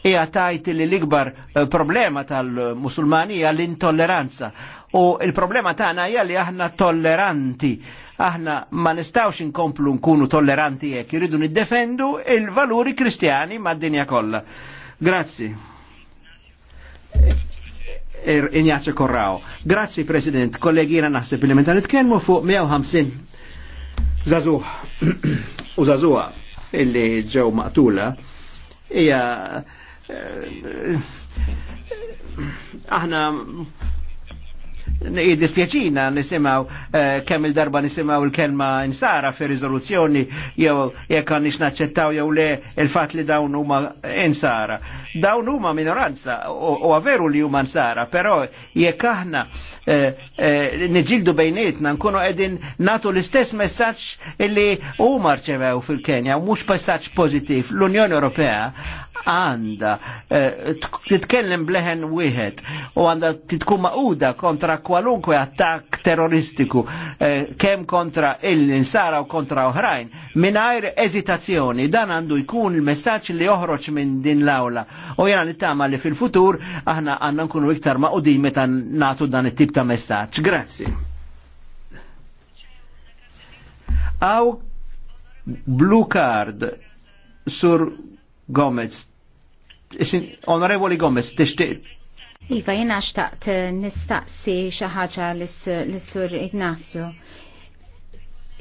e tajt li l-ikbar e, problema tal-Musulmanija l-intolleranza. U il-problema tagħna hija li aħna tolleranti Aħna ma nistawx inkomplu nkunu tolleranti jekk iridu niddefendu il-valuri kristjani mad-dinja kollha. Grazzi. Er, Ignazio Corrao. Grazzi President, kollegina naħseb li meta nitkellmu fuq 150 zazuħ u zazuħ illi ġew maqtula hija eh, eh, aħna Dispjaċina nisimaw eh, kemm il-darba nisimaw il-kelma insara fi rizoluzzjoni jew jekk għandix naċċettaw jew le il-fatt li dawn huma insara. Dawn huma minoranza u veru li huma insara, però jekk aħna eh, eh, niġildu bejnietna nkunu qegħdin natu l-istess messaġġ illi huma rċevew fil-Kenja u mhux messaġġ pożittiv. L-Unjoni Ewropea għanda eh, titkellem bleħen wieħed u għanda titkun maquda kontra kwalunkwe attak terroristiku eh, kem kontra il-insara u kontra oħrajn mingħajr eżitazzjoni dan għandu jkun il-messaġġ li joħroġ minn din l-awla u jena nittama li fil-futur aħna għanna nkunu iktar maqudi meta natu dan it-tip ta' messaġġ. Grazzi. Aw blue card sur Gomez Onorevoli Gomez, tishtiq? Iva, jena xtaqt eh, nistaqsi xi ħaġa l-sur Ignazio.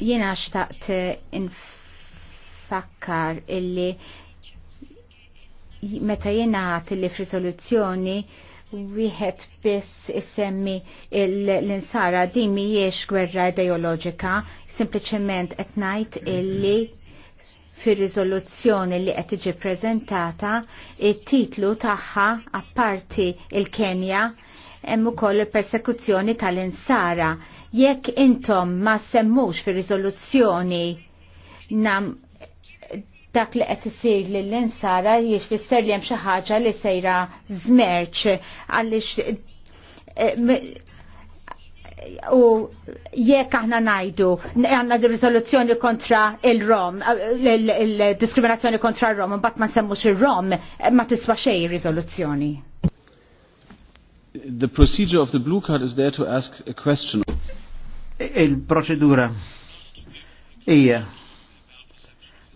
Jena xtaqt eh, infakkar illi meta jena li f'rizoluzzjoni wieħed biss isemmi l-insara din mhijiex gwerra ideoloġika, sempliċement qed ngħid illi fir rizoluzzjoni li qed tiġi preżentata it-titlu tagħha apparti il-Kenja hemm ukoll il-persekuzzjoni tal-insara. Jekk intom ma semmux fir rizoluzzjoni nam dak li qed isir lill-insara jixfisser li hemm xi ħaġa li sejra żmerċ għaliex eh, u jekk aħna najdu għanna risoluzzjoni kontra il-Rom, il-diskriminazzjoni kontra il-Rom, mbagħad ma nsemmux il-Rom, ma tiswa xejn risoluzzjoni. The procedure of the blue card is there to ask a question. Il-proċedura ija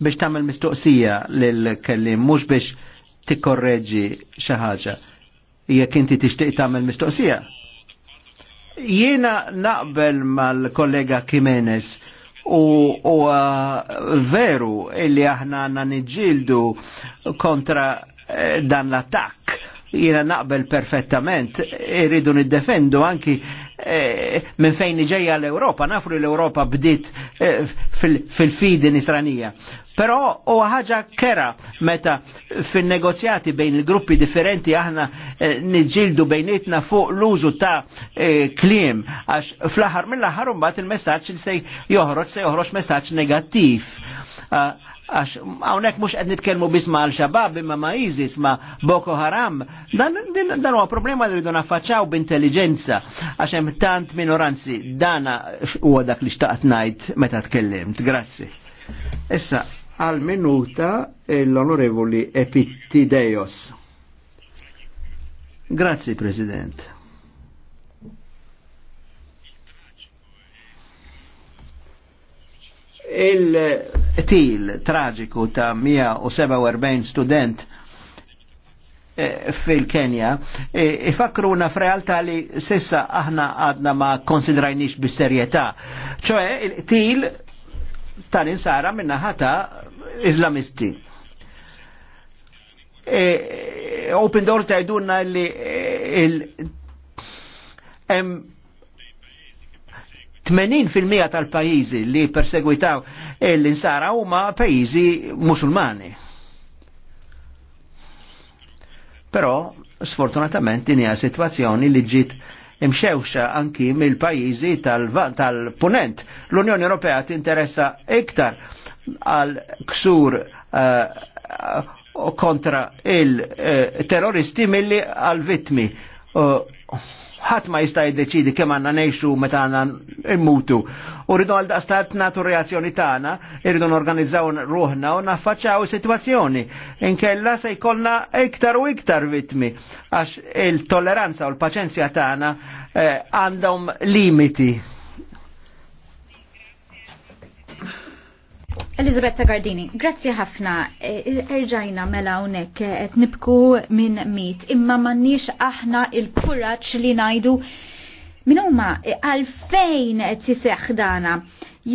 biex tagħmel mistoqsija l kellim mhux biex tikkorreġi xi ħaġa. Hija inti tixtieq tagħmel mistoqsija Jiena naqbel mal-kollega Kimenez u, u veru illi aħna għanna nġildu kontra eh, dan l-attak. Jiena naqbel perfettament, irridu niddefendu anki E, minn fejn ġejja l-Europa. Nafru l-Europa bdiet Eh, fil-fidi nisranija. Però u ħaġa kera meta fin-negozjati bejn il-gruppi differenti aħna eh, nġildu bejnietna fuq l-użu ta' eh, kliem għax fl-aħħar mill-aħħar il-messaġġ li se joħroġ se joħroġ messagġ negattiv ah, għax hawnhekk mhux qed nitkellmu biss ma' al imma ma' ISIS ma' Boko Haram, dan huwa problema li rridu naffaċċaw b'intelligenza għax hemm tant minoranzi dana huwa dak li xtaqt ngħid meta tkellimt. Grazzi. Issa għal minuta l-Onorevoli Epitideios. Grazzi President. Il-til traġiku ta' 147 student eh, fil-Kenja, eh, ifakruna f'realtà li sissa aħna għadna ma konsidrajnix bis-serjetà. ċoħe, il-til ta' ninsara minna ħata islamisti. E, open Doors tajdunna li il- em 80% tal-pajizi li persegwitaw l-insara huma pajizi musulmani. Però, sfortunatament, din hija situazzjoni li ġiet imxewxa anki mill-pajizi tal-punent. Tal L-Unjoni Ewropea tinteressa iktar għal ksur uh, kontra il-terroristi eh, uh, mill-li għal-vitmi. Uh, eh, ħadd ma jista' jiddeċidi kemm għandna ngħixu meta għandna immutu. U rridu għal daqstat natu reazzjoni tagħna, irridu norganizzaw ruħna u naffaċċaw is-sitwazzjoni. Inkella se jkollna iktar u iktar vittmi għax il-tolleranza u l-paċenzja tagħna eh, għandhom limiti. Elizabetta Gardini, grazzi ħafna. E, e, erġajna mela unek e, et nibku minn mit, imma mannix aħna il-kuraċ li najdu minn huma għalfejn qed jiseħ dana.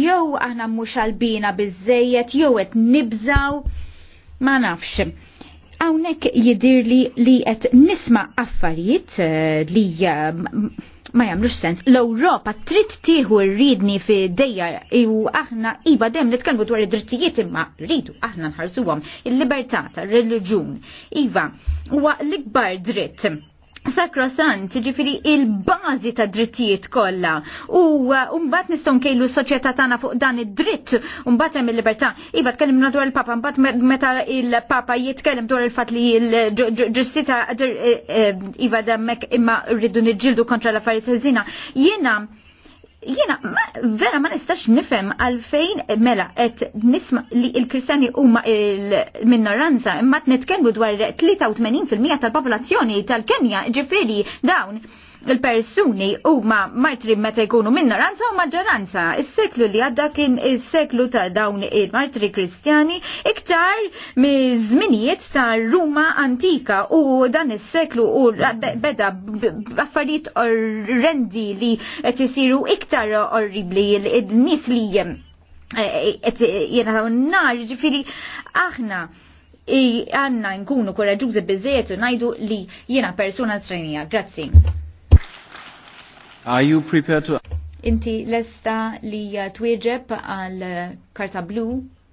Jew aħna mhux għalbina biżejjed, jew qed nibżaw ma nafx. Hawnhekk jidirli li qed nisma' affarijiet li ma jamlux sens. L-Europa trid tieħu rridni fi dejja u aħna iva dem li tkellmu dwar id-drittijiet imma rridu aħna nħarsuhom il-libertà tar-reliġjun. Iva, huwa l-ikbar dritt sakrosant, ġifiri il-bazi ta' drittijiet kolla. U uh, mbagħad nistgħu nkejlu s-soċjetà tagħna fuq dan id-dritt, u mbagħad hemm il-libertà. Iva tkellem dwar il-Papa, mbagħad meta il-Papa jitkellem dwar il-fatt li l-ġustita eh, eh, iva demmek imma rridu niġġieldu kontra l-affarijiet ħażina. Jiena Jena, vera ma nistax nifem għalfejn mela, et nisma li il-kristjani huma il-minnaranza, imma t-netkenbu dwar 83% tal-popolazzjoni tal-Kenja, ġifiri, dawn il-persuni huma martri meta jkunu minnaranza u maġġoranza. Is-seklu li għadda kien is-seklu ta' dawn il-martri kristjani iktar miż-żminijiet ta' Ruma antika u dan is-seklu u beda affarijiet orrendi li qed isiru iktar orribli l nies li eh, jena nar ġifiri aħna għanna nkunu koraġuzi bizzejet u najdu li jena persona stranija. Grazzi. Are you prepared to... Inti lesta li twieġeb għal karta blu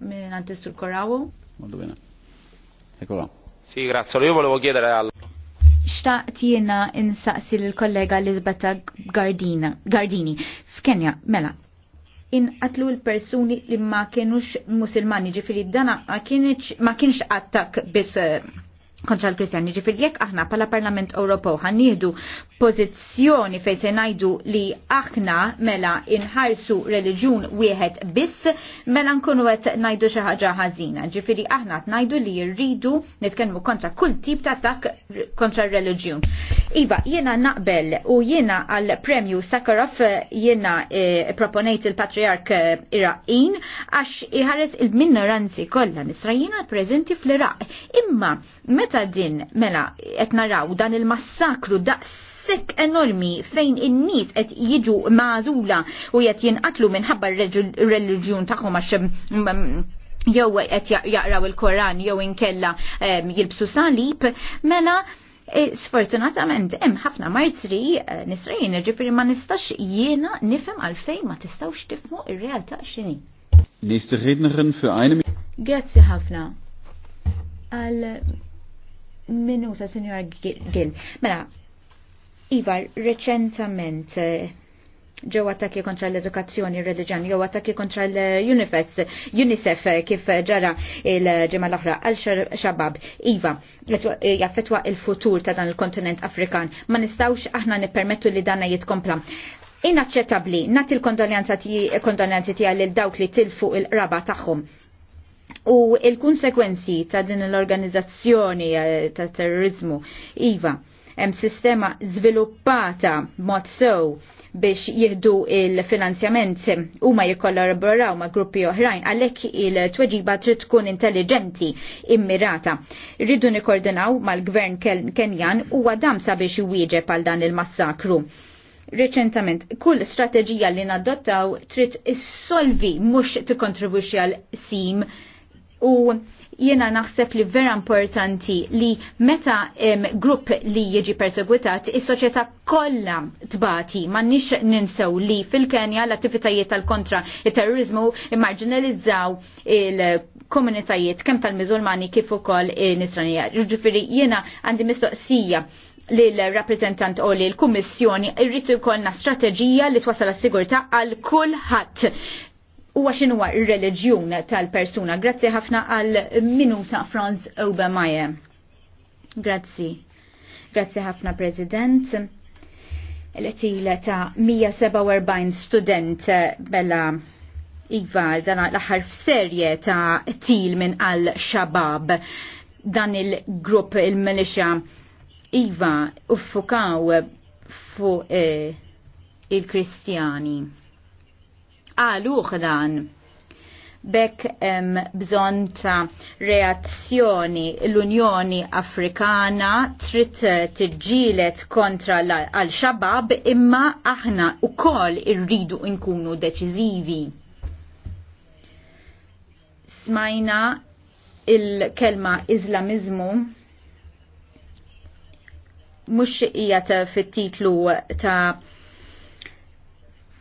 minn għantistu l-korawu? bina. Eko Eccola. Si, grazzo. Io volevo chiedere al... Xtaqt jiena insaqsi l-kollega Lisbeta Gardina, Gardini f'Kenja, mela, inqatlu l-persuni li ma kienux musulmani ġifiri dana ma kienx attak bis eh, kontra l-Kristjani. Ġifir jekk aħna pala Parlament Ewropew ħan nieħdu pożizzjoni fejn se ngħidu li aħna mela inħarsu reliġjun wieħed biss, mela nkunu qed ngħidu xi ħaġa ħażina. Ġifieri aħna qed ngħidu li rridu nitkellmu kontra kull tip ta' attakk kontra r-reliġjun. Iva, jiena naqbel u jiena għal premju Sakharov jiena e, proponejt il-Patriark e, Iraqin għax iħares il-minoranzi kollha jiena preżenti fl-Iraq. Imma meta ta' din, mela, et naraw dan il-massakru sekk enormi fejn in-nies qed jiġu mażula u qed jinqatlu minħabba r-reliġjun tagħhom għax mm, mm, jew qed jaqraw il-Koran jew inkella ehm, jilbsu salib, mela e, Sfortunatament, hemm ħafna martri e, nisrejjin ġifiri ma nistax jiena nifhem għalfejn ma tistgħux tifmu ir-realtà x'inhi. Nächste Rednerin für eine Grazie ħafna minuta, Signor Gil. Mela, Ivar, reċentament eh, ġew attakki kontra l-edukazzjoni reliġjani jew attakki kontra l-UNICEF eh, kif ġara il-ġimgħa l-oħra għal xabab iva eh, jaffetwa il-futur ta' dan il-kontinent Afrikan ma nistgħux aħna nippermettu li dana jitkompla. Inaċċettabbli, nagħti l-kondoljanzi tiegħi lil dawk li tilfu il-raba tagħhom u il-konsekwenzi ta' din l-organizzazzjoni eh, ta' terrorizmu iva hemm sistema żviluppata mod sew biex jihdu il-finanzjament huma jikkollaboraw ma' gruppi oħrajn għalhekk il-tweġiba trid tkun intelligenti immirata. Rridu nikkoordinaw mal-gvern Kenjan u dam sabiex jwieġeb għal dan il-massakru. Reċentament, kull strateġija li nadottaw trid issolvi mhux tikkontribwixxi għal sim u jena naħseb li vera importanti li meta um, grupp li jiġi persegwitat is soċjetà kollha tbati nix ninsew li fil-Kenja l-attivitajiet tal-kontra il terrorizmu marginalizzaw il-komunitajiet kemm tal-Miżulmani kif ukoll nisranija. Ġifieri jiena għandi mistoqsija l-rappresentant u li l-Kummissjoni irrid ikollna strateġija li twasal għas-sigurtà għal kulħadd huwa x'inhuwa ir-reliġjun tal-persuna. Grazzi ħafna għal minuta Franz Obermeyer. Grazzi. Grazzi ħafna President. L-tila ta' 147 student eh, bella Iva dan l-aħħar f'serje ta' til minn għal xabab dan il-grupp il-milixa Iva uffukaw fuq eh, il-Kristjani għalu dan bekk hemm bżonn ta' reazzjoni l-Unjoni Afrikana trid eh, tirġielet kontra għal xabab imma aħna wkoll irridu nkunu deċiżivi. Smajna il-kelma Islamiżmu mhux hija fit-titlu ta'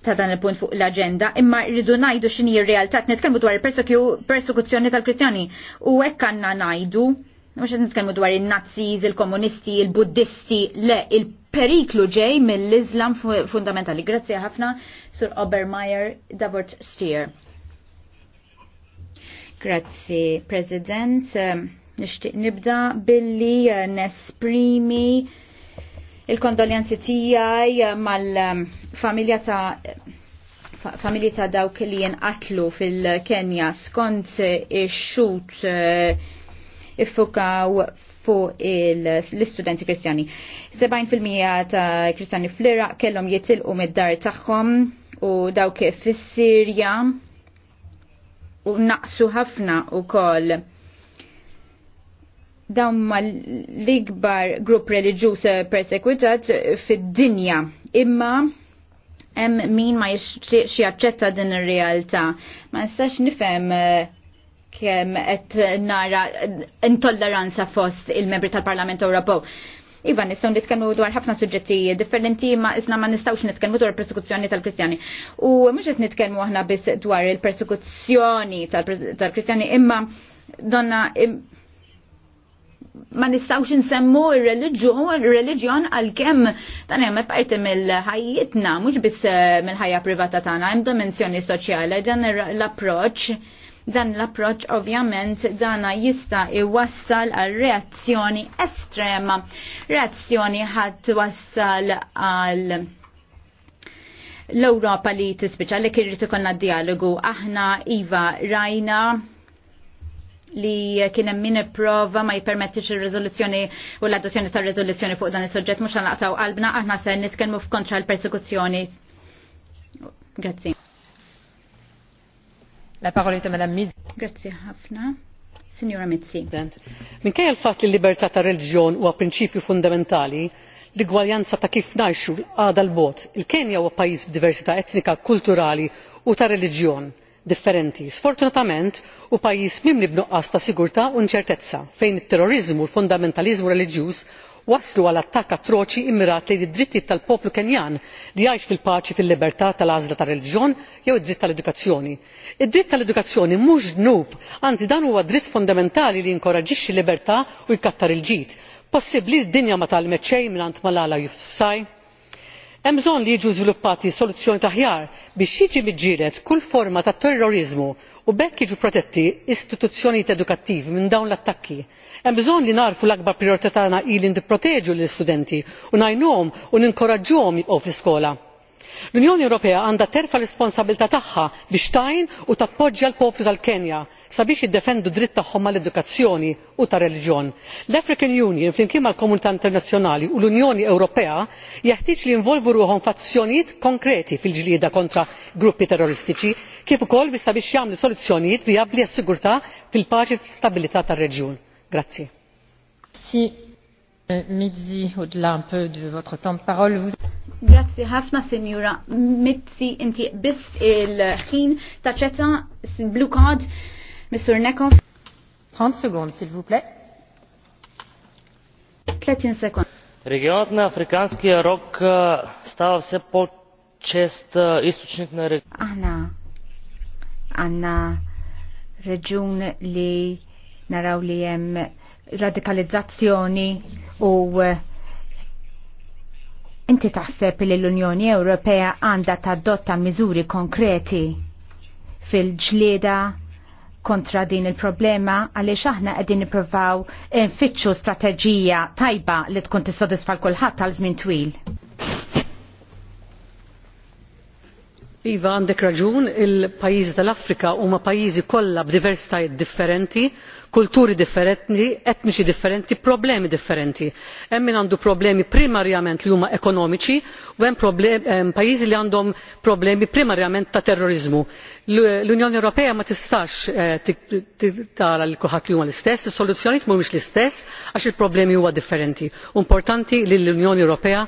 ta' dan il-punt fuq l-agenda, imma rridu najdu xini r-realtà, nitkellmu dwar il-persekuzzjoni tal-Kristjani u hekk għandna najdu, mhux qed nitkellmu dwar in-Nazziż, il-Komunisti, il-Buddisti, le il-periklu ġej mill-Iżlam fundamentali. Grazzi ħafna sur Obermeyer Davort Steer. Grazzi, President. Nixtieq nibda billi eh, nesprimi il-kondoljanzi tijaj mal-familja ta' familji ta' dawk li jenqatlu fil-Kenja skont ix-xut eh, iffukaw fuq l-istudenti kristjani. 70% ta' kristjani flera kellhom jitilqu mid-dar tagħhom u dawk fis-Sirja u naqsu ħafna u koll dawn ma l-ikbar grupp reliġjuż eh, persekwitat eh, fid-dinja. Imma hemm min ma jixtieqx jaċċetta din ir-realtà. Ma nistax nifhem eh, kemm qed nara intolleranza fost il-membri tal-Parlament Ewropew. Iva, nistaw nitkellmu dwar ħafna suġġetti differenti, ma isna ma nistawx nitkellmu dwar persekuzzjoni tal-Kristjani. U mhux qed nitkellmu aħna biss dwar il-persekuzzjoni tal-Kristjani, imma donna im ma nistawx nsemmu il-reliġjon għal-kem dan hemm parti mill-ħajjitna, mhux biss eh, mill-ħajja privata tagħna, hemm dimensjoni soċjali dan l-approċċ dan l-approċ ovvjament dana jista iwassal għal reazzjoni estrema. Reazzjoni ħadd wassal għal l-Europa li tispiċa li kirri tikonna dialogu aħna Iva Rajna li kien hemm min prova ma jippermettix ir-riżoluzzjoni u l-adozzjoni tar-riżoluzzjoni fuq dan is-suġġett mhux naqtaw qalbna aħna se nitkellmu f'kontra l-persekuzzjoni. Grazzi. La parola ta' Madame Mizzi. Grazzi ħafna. Signora Mizzi. Minkejja l-fatt li l-libertà ta' reliġjon huwa prinċipju fundamentali, l-igwaljanza ta' kif ngħixu għada l-bot. Il-Kenja huwa pajjiż b'diversità etnika, kulturali u ta' reliġjon differenti sfortunatament hu pajjiż mimli b'nuqqas ta' sigurtà u inċertezza fejn it-terroriżmu u l-fundamentaliżmu reliġjuż wasslu għal attakk atroċi immirat lejn id-drittijiet tal poplu kenjan li jgħix fil paċi fil libertà tal għażla ta' reliġjon jew id dritt tal edukazzjoni. id dritt tal edukazzjoni mhux dnub anzi dan huwa dritt fundamentali li jinkoraġġixxi l libertà u jkattar il ġid. possibbli li d dinja ma tgħallmet xejn mingħand malala yousafzai? hemm bżonn li jiġu żviluppati ta' aħjar biex jiġi miġġieled kull forma ta' terroriżmu u b'hekk jiġu protetti istituzzjonijiet edukattivi minn dawn l-attakki. hemm bżonn li narfu l-akbar prijorità tagħna hi li nipproteġu lill istudenti u ngħinuhom u ninkoraġġuhom jibqgħu fl iskola l-unjoni ewropea għandha terfa' responsabbiltà tagħha biex tgħin u tappoġġja l-poplu tal-kenja sabiex jiddefendu d-dritt tagħhom għall-edukazzjoni u tar-reliġjon. l african union flimkien mal-komunità internazzjonali u l-unjoni ewropea jeħtieġ li jinvolvu ruħhom f'azzjonijiet konkreti fil-ġlieda kontra gruppi terroristiċi kif ukoll sabiex jagħmlu soluzzjonijiet vijabbli għas-sigurtà fil-paċi u fl tar-reġjun. Grazzi. Si, euh, Grazzi ħafna, Sinjura Mitzi, inti bist il-ħin taċċetta blu card, Mr. Nekov. 30 sekund, s'il vous plaît. 30 sekund. Регионът afrikanski rok рок става все по-чест източник на регион. Ана, Ана, li naraw li jem radikalizzazzjoni u eh, Inti taħseb li l-Unjoni Ewropea għandha tadotta miżuri konkreti fil-ġlieda kontra din il-problema għaliex aħna qegħdin nippruvaw nfittxu strateġija tajba li tkun tissodisfa l kulħadd għal żmien twil. iva għandek raġun il pajjiżi tal afrika huma pajjiżi kollha b'diversitajiet differenti kulturi differenti etniċi differenti problemi differenti hemm min għandu problemi primarjament li huma ekonomiċi u hemm pajjiżi li għandhom problemi primarjament ta' terrorizmu. l-unjoni ewropea ma tistax eh, tara lil kulħadd li huma l-istess is-soluzzjonijiet mhumiex l-istess għax il problemi huma differenti. importanti li l-unjoni ewropea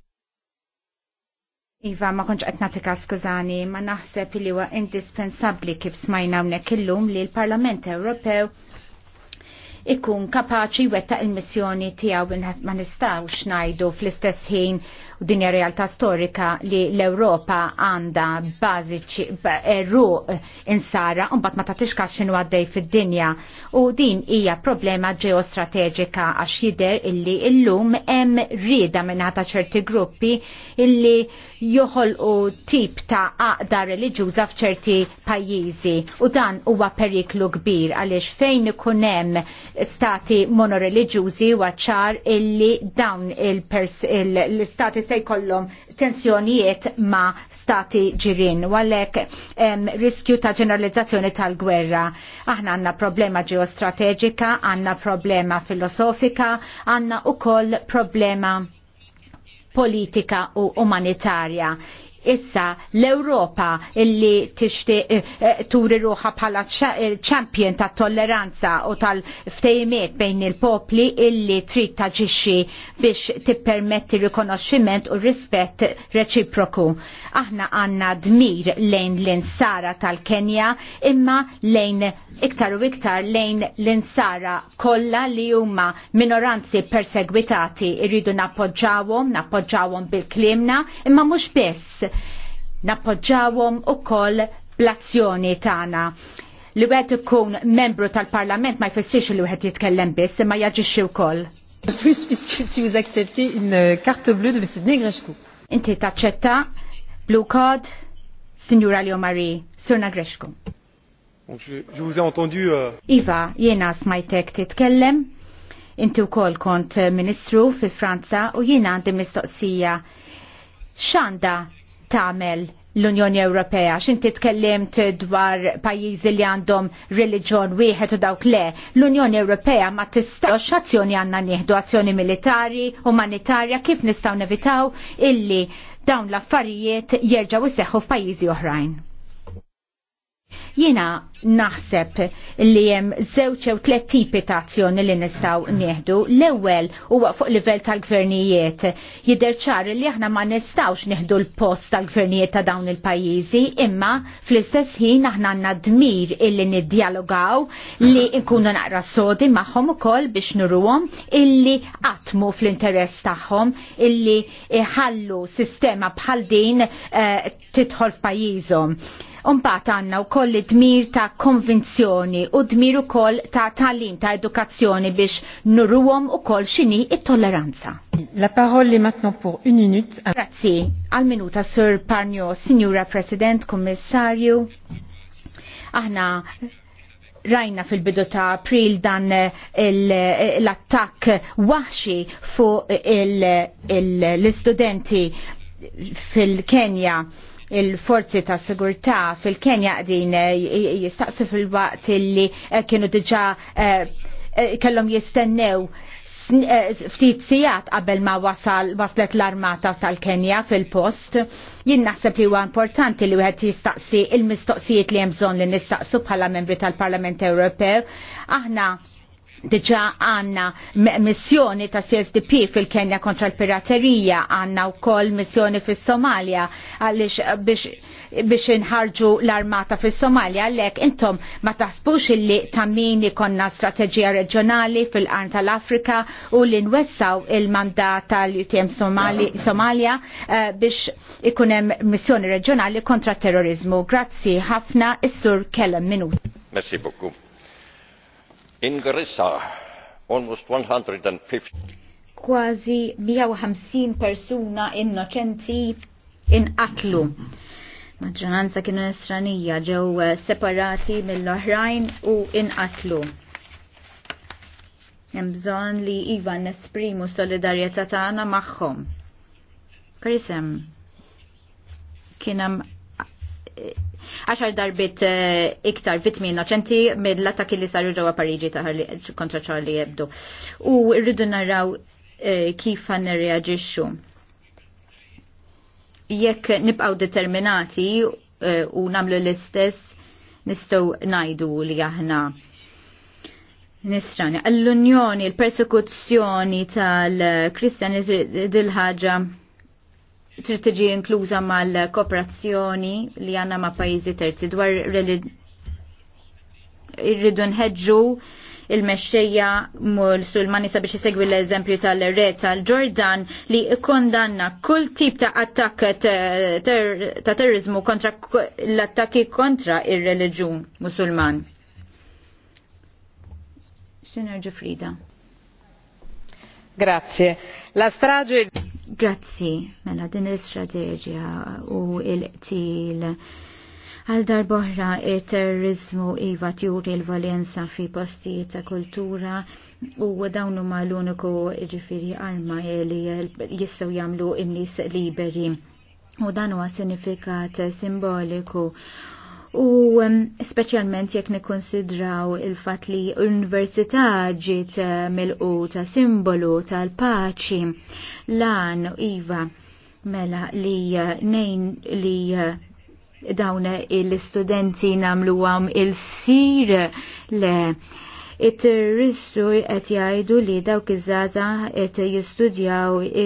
Iva, ma konċ etnatika skużani, ma naħseb li huwa indispensabli kif smajna hawnhekk illum li l-Parlament Ewropew ikun kapaċi wettaq il-missjoni tiegħu ma nistgħux ngħidu fl-istess ħin u din realtà storika li l-Ewropa għandha bażiċi erru insara u mbagħad ma tagħtix każ x'inhu għaddej fid-dinja u din hija problema ġeostrateġika għax jidher illi llum hemm rieda mingħata ta' ċerti gruppi illi joħolqu tip ta' aqda reliġjuża f'ċerti pajjiżi u dan huwa periklu kbir għaliex fejn ikun hemm stati monoreliġjużi waċċar illi dawn l stati il se jkollhom tensjonijiet ma' stati ġirien u għalhekk riskju ta' ġeneralizzazzjoni tal-gwerra. Aħna għandna problema ġeostrateġika, għandna problema filosofika, għandna ukoll problema politika u umanitarja issa l-Europa illi tixtieq eh, eh, turi ruħa bħala eh, champion ta' tolleranza u tal-ftejmiet bejn il-popli illi trid taġixxi biex tippermetti rikonoxximent u rispett reċiproku. Aħna għanna dmir lejn l-insara tal-Kenja imma lejn iktar u iktar lejn l-insara kollha li huma minoranzi persegwitati irridu nappoġġawhom, nappoġġawhom bil-klimna, imma mhux biss nappoġġawhom ukoll bl-azzjoni tagħna li wieħed ikun membru tal-Parlament ma jfissirx li wieħed jitkellem biss imma jaġixxi wkoll. Plus puisque si vous acceptez une carte bleue de M. Negrescu. Inti taċċetta Blue Card, Signora Leo Marie, Surna Greshko. Je, vous ai entendu... Euh, iva, jena smajtek titkellem, inti wkoll kont eh, ministru fi Franza u jiena għandi mistoqsija. X'għandha tagħmel l-Unjoni Ewropea, x'inti tkellimt dwar pajjiżi li għandhom reliġjon wieħed u dawk le, l-Unjoni Ewropea ma tistax azzjoni għandna nieħdu azzjoni militari, umanitarja, kif nistgħu nevitaw illi dawn l-affarijiet jerġgħu jseħħu f'pajjiżi oħrajn. Jena naħseb li jem zewċ u tlet tipi ta' azzjoni li nistaw nieħdu. L-ewwel huwa fuq livell tal-gvernijiet. Jidherċar li aħna ma nistawx nieħdu l-post tal-gvernijiet ta' dawn il-pajjiżi, imma fl-istess ħin aħna għandna dmir illi niddialogaw li nkunu naqra sodi magħhom ukoll biex nuruhom illi qatmu fl-interess tagħhom illi iħallu sistema bħal din eh, titħol f'pajjiżhom Umbat għanna u koll dmir ta' konvinzjoni u dmir u koll ta' talim ta' edukazzjoni biex nurruwom u koll xini it-tolleranza. La paroli matno pur un minut. Grazzi, Al minuta Sir Parnio, Signora President, Kommissarju. Aħna rajna fil-bidu ta' april dan l-attak waħxi fuq l-istudenti fil-Kenja il-forzi ta' sigurtà fil-Kenja qegħdin eh, jistaqsu fil-waqt illi eh, kienu diġà eh, kellhom jistennew ftit sijat qabel ma wasal waslet l-armata tal-Kenja fil-post. Jien naħseb li huwa importanti li wieħed jistaqsi il-mistoqsijiet li hemm bżonn li nistaqsu bħala membri tal-Parlament Ewropew. Aħna Diġa għanna missjoni ta' CSDP fil-Kenja kontra l-piraterija, għanna u koll missjoni fil-Somalia, għalix eh, biex biex inħarġu l-armata fis somalia għallek intom ma taħsbux illi tammini ikonna strategija reġjonali fil-qarn tal-Afrika u li nwessaw il-mandat tal-UTM Somalia eh, biex ikunem missjoni reġjonali kontra terrorizmu. Grazzi ħafna, is-sur kellem minut. Merci beaucoup. In Garissa, almost 150. Kważi 150 persuna innoċenti inqatlu. Maġġoranza kienu nisranija ġew eh, separati mill-oħrajn u inqatlu. Hemm bżonn li iva nesprimu solidarjetà tagħna magħhom. Karisem, kien hemm għaxar darbit iktar vitmi innoċenti mill-attakki li saru ġewwa Pariġi kontra Charlie Hebdo. U rridu naraw kif għan reagġixxu. Jekk nibqgħu determinati u namlu l-istess nistgħu najdu li aħna nisrani. l unjoni l-persekuzzjoni tal-Kristjani dil-ħaġa trid tiġi inkluża mal-kooperazzjoni li għandna ma' pajjiżi terzi dwar irridu nħeġġu il-mexxejja musulmani sabiex isegwi l-eżempju tal-re tal-Ġordan li kondanna kull tip ta' attakk ta' terrorizmu kontra l-attakki kontra ir-reliġjun musulman. Sinar Ġifrida. Grazie. La strage Grazzi, mela din l-istrateġija u il-qtil. Għal darboħra il-terrorizmu iva tjuri l-valenza fi postijiet ta' kultura u dawn huma l-uniku ġifiri arma li jistgħu jagħmlu in nies liberi. U dan huwa sinifikat simboliku U specialment jekk nikkonsidraw il-fat li l-Università ġiet eh, milqu ta' simbolu tal-paċi lan iva mela li eh, nejn li eh, dawn il-studenti namluwam il-sir le it-terroristu qed jgħidu li dawk iż-żgħażagħ qed jistudjaw e,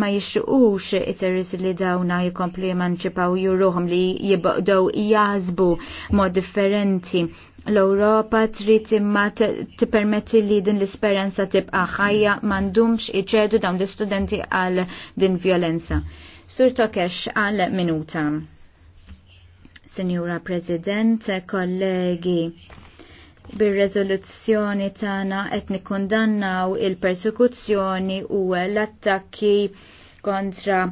ma jixtiqux it-terroristu li dawna jkomplu jemanċipaw juruhom li jibdew jaħsbu mod differenti l-Europa trid imma tippermetti li din l-esperjenza tibqa' ħajja m'għandhomx iċedu dawn l-istudenti għal din violenza. Sur Tokesh għal minuta. Sinjura President, kollegi, Bir-rezoluzzjoni tagħna qed nikkundannaw il-persekuzzjoni u l-attakki kontra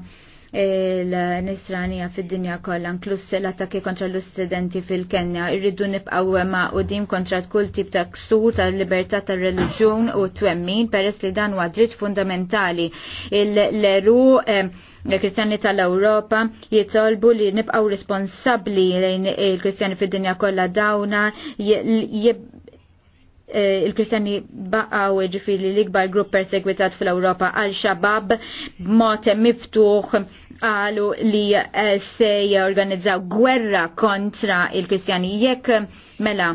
l-nisranija fid-dinja kollha nklus l-attakki kontra l-istudenti fil-Kenja. Irridu nibqgħu ma' dim kontra kull tip ta' ksur tal-libertà tar religjon u twemmin peress li dan huwa dritt fundamentali. L-eru l-Kristjani tal-Ewropa jitolbu li nibqgħu responsabbli lejn il-Kristjani fid-dinja kollha dawna Eh, il-Kristjani baqaw ġifiri l-ikbar grupp persegwitat fil-Europa għal xabab b'mod miftuħ għalu li eh, se jorganizzaw gwerra kontra il-Kristjani jekk mela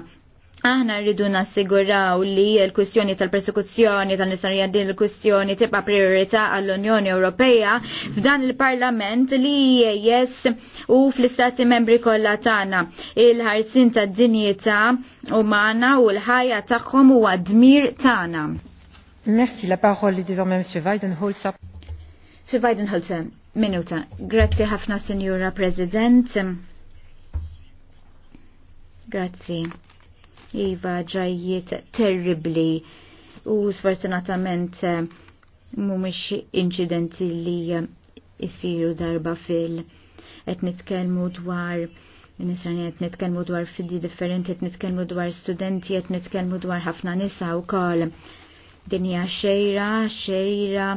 Aħna rridu nassiguraw li l-kwistjoni tal-persekuzzjoni tal nisarija din l-kwistjoni tibqa' priorità għall-Unjoni Ewropea f'dan il-Parlament li jes u fl-istati membri kollha tagħna. Il-ħarsin tad-dinjità umana u l-ħajja tagħhom huwa dmir tagħna. Merci, la parole est désormais M. Weidenholzer. M. Weidenholzer, minuta. Grazie ħafna, Signora President. Grazie. Iva ġajjiet terribli u sfortunatament eh, mumiex incidenti li jisiru eh, darba fil et nitkellmu dwar Nisrani et nitkelmu dwar fidi differenti, et nitkelmu dwar studenti, et nitkelmu dwar ħafna nisa u kol. Dinja xejra, xejra,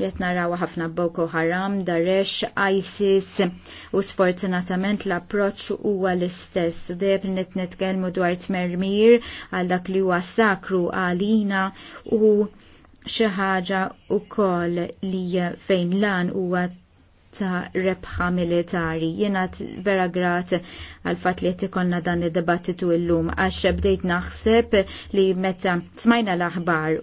li qed naraw ħafna Boko Haram, Daresh, ISIS u sfortunatament l-approċċ huwa l-istess. Dejjem nit nitkellmu dwar tmermir għal dak li huwa sakru għalina u xi ħaġa wkoll li fejn lan huwa ta' rebħa militari. Jena vera grat għal fat li tikonna dan id-debattitu illum għax bdejt naħseb li meta smajna l-aħbar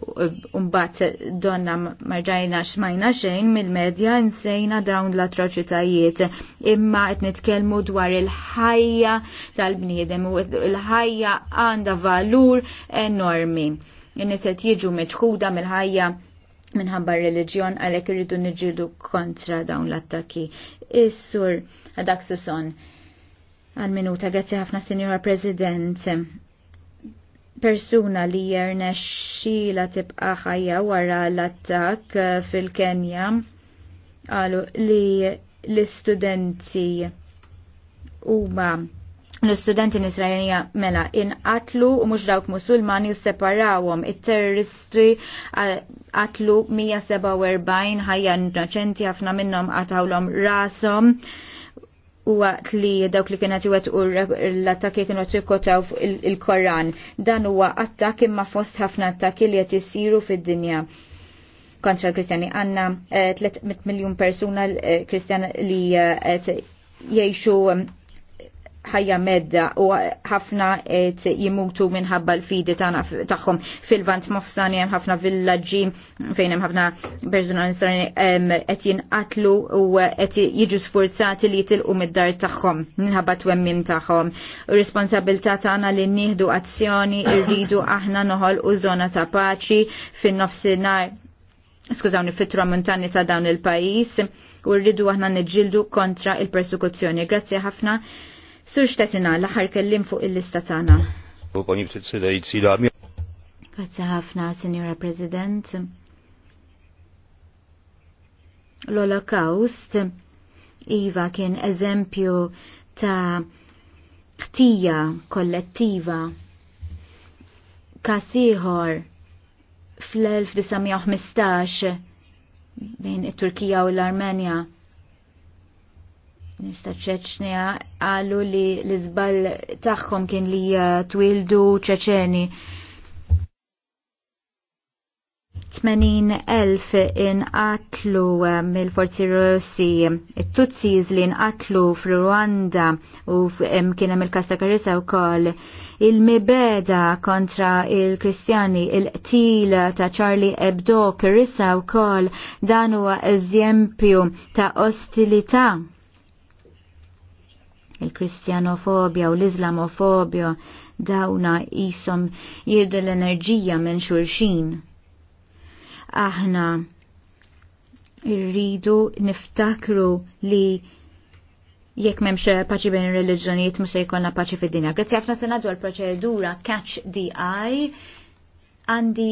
unbat donna marġajna smajna xejn mill-medja nsejna dawn l-atroċitajiet imma qed nitkellmu dwar il-ħajja tal-bniedem u il-ħajja għandha valur enormi. Niset jiġu meċħuda mill-ħajja minħabba reliġjon għalek irridu nġidu kontra dawn l-attakki. Is-sur għadak suson għal-minuta, grazzi ħafna Senjora President. Persuna li jerne xila tibqa ħajja wara l-attak fil-Kenja għalu li l-istudenti huma l-studenti nisrajenija mela inqatlu u mux dawk musulmani u separawom. Il-terroristi qatlu 147 ħajja innoċenti ħafna minnom għatawlom rasom u li dawk li kienet jwet u l-attakki kienet jkotaw il-Koran. Dan huwa attak imma fost ħafna attakki li qed isiru fid-dinja kontra l-Kristjani. Għanna 300 eh, miljon persuna l eh, kristjani li eh, jiexu ħajja medda u ħafna et jimutu minħabba l-fidi tagħhom fil-vant mofsani hemm ħafna villaġġi fejn hemm ħafna persuna nisrani qed jinqatlu u qed jiġu sfurzati li jitilqu mid-dar tagħhom minħabba twemmim tagħhom. Ir-responsabilità tagħna li nieħdu azzjoni rridu aħna noħol u żona ta' paċi fin-nofsinhar skużawni fit-tramuntani ta' dawn il-pajis u rridu aħna niġġildu kontra il-persekuzzjoni. Grazzi ħafna. Sur xtetina l-aħħar kellim fuq il-lista tagħna. Grazzi ħafna, Signora President. L-Holocaust iva kien eżempju ta' ħtija kollettiva kasiħor fl-1915 bejn it-Turkija u l-Armenja Nista ċeċnija għallu li l-izbal taħħom kien li eh, twildu ċeċeni. 80.000 inqatlu eh, mill-forzi russi, it-tutsiz li inqatlu f'Rwanda u kien hemm il kasta ta' Karissa wkoll. Il-mibeda kontra il-Kristjani, il-qtil ta' Charlie Hebdo, Karissa wkoll dan huwa eżempju ta' ostilità il-kristjanofobja u l-islamofobja dawna jisom jirdu l-enerġija minn xulxin. Aħna irridu niftakru li jekk memx paċi bejn il-reliġjonijiet mhux jkollna paċi fid-dinja. Grazzi ħafna senadu għal proċedura catch the eye għandi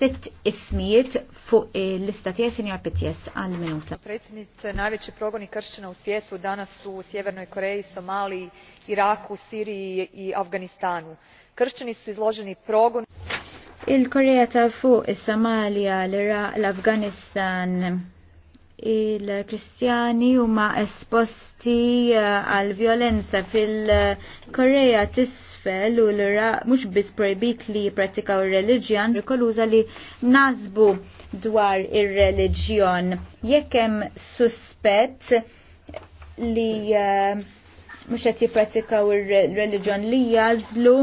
sitt ismijiet fuq l lista tiegħi Sinjor Pitjes għal minuta. Predsjednice, najveći progoni kršćana u svijetu danas su u Sjevernoj Koreji, Somali, Iraku, Siriji i Afganistanu. Kršćani su izloženi progoni. il koreja ta' fuq is-Somalia, l-Afganistan, il-Kristjani huma esposti eh, għal violenza fil-Korea tisfel u l-ra mux bis projbit li jipratikaw il-reġjon, rikoluza li nazbu dwar il-reġjon. Jekem suspett li eh, mux jipratikaw il reliġjon li jazlu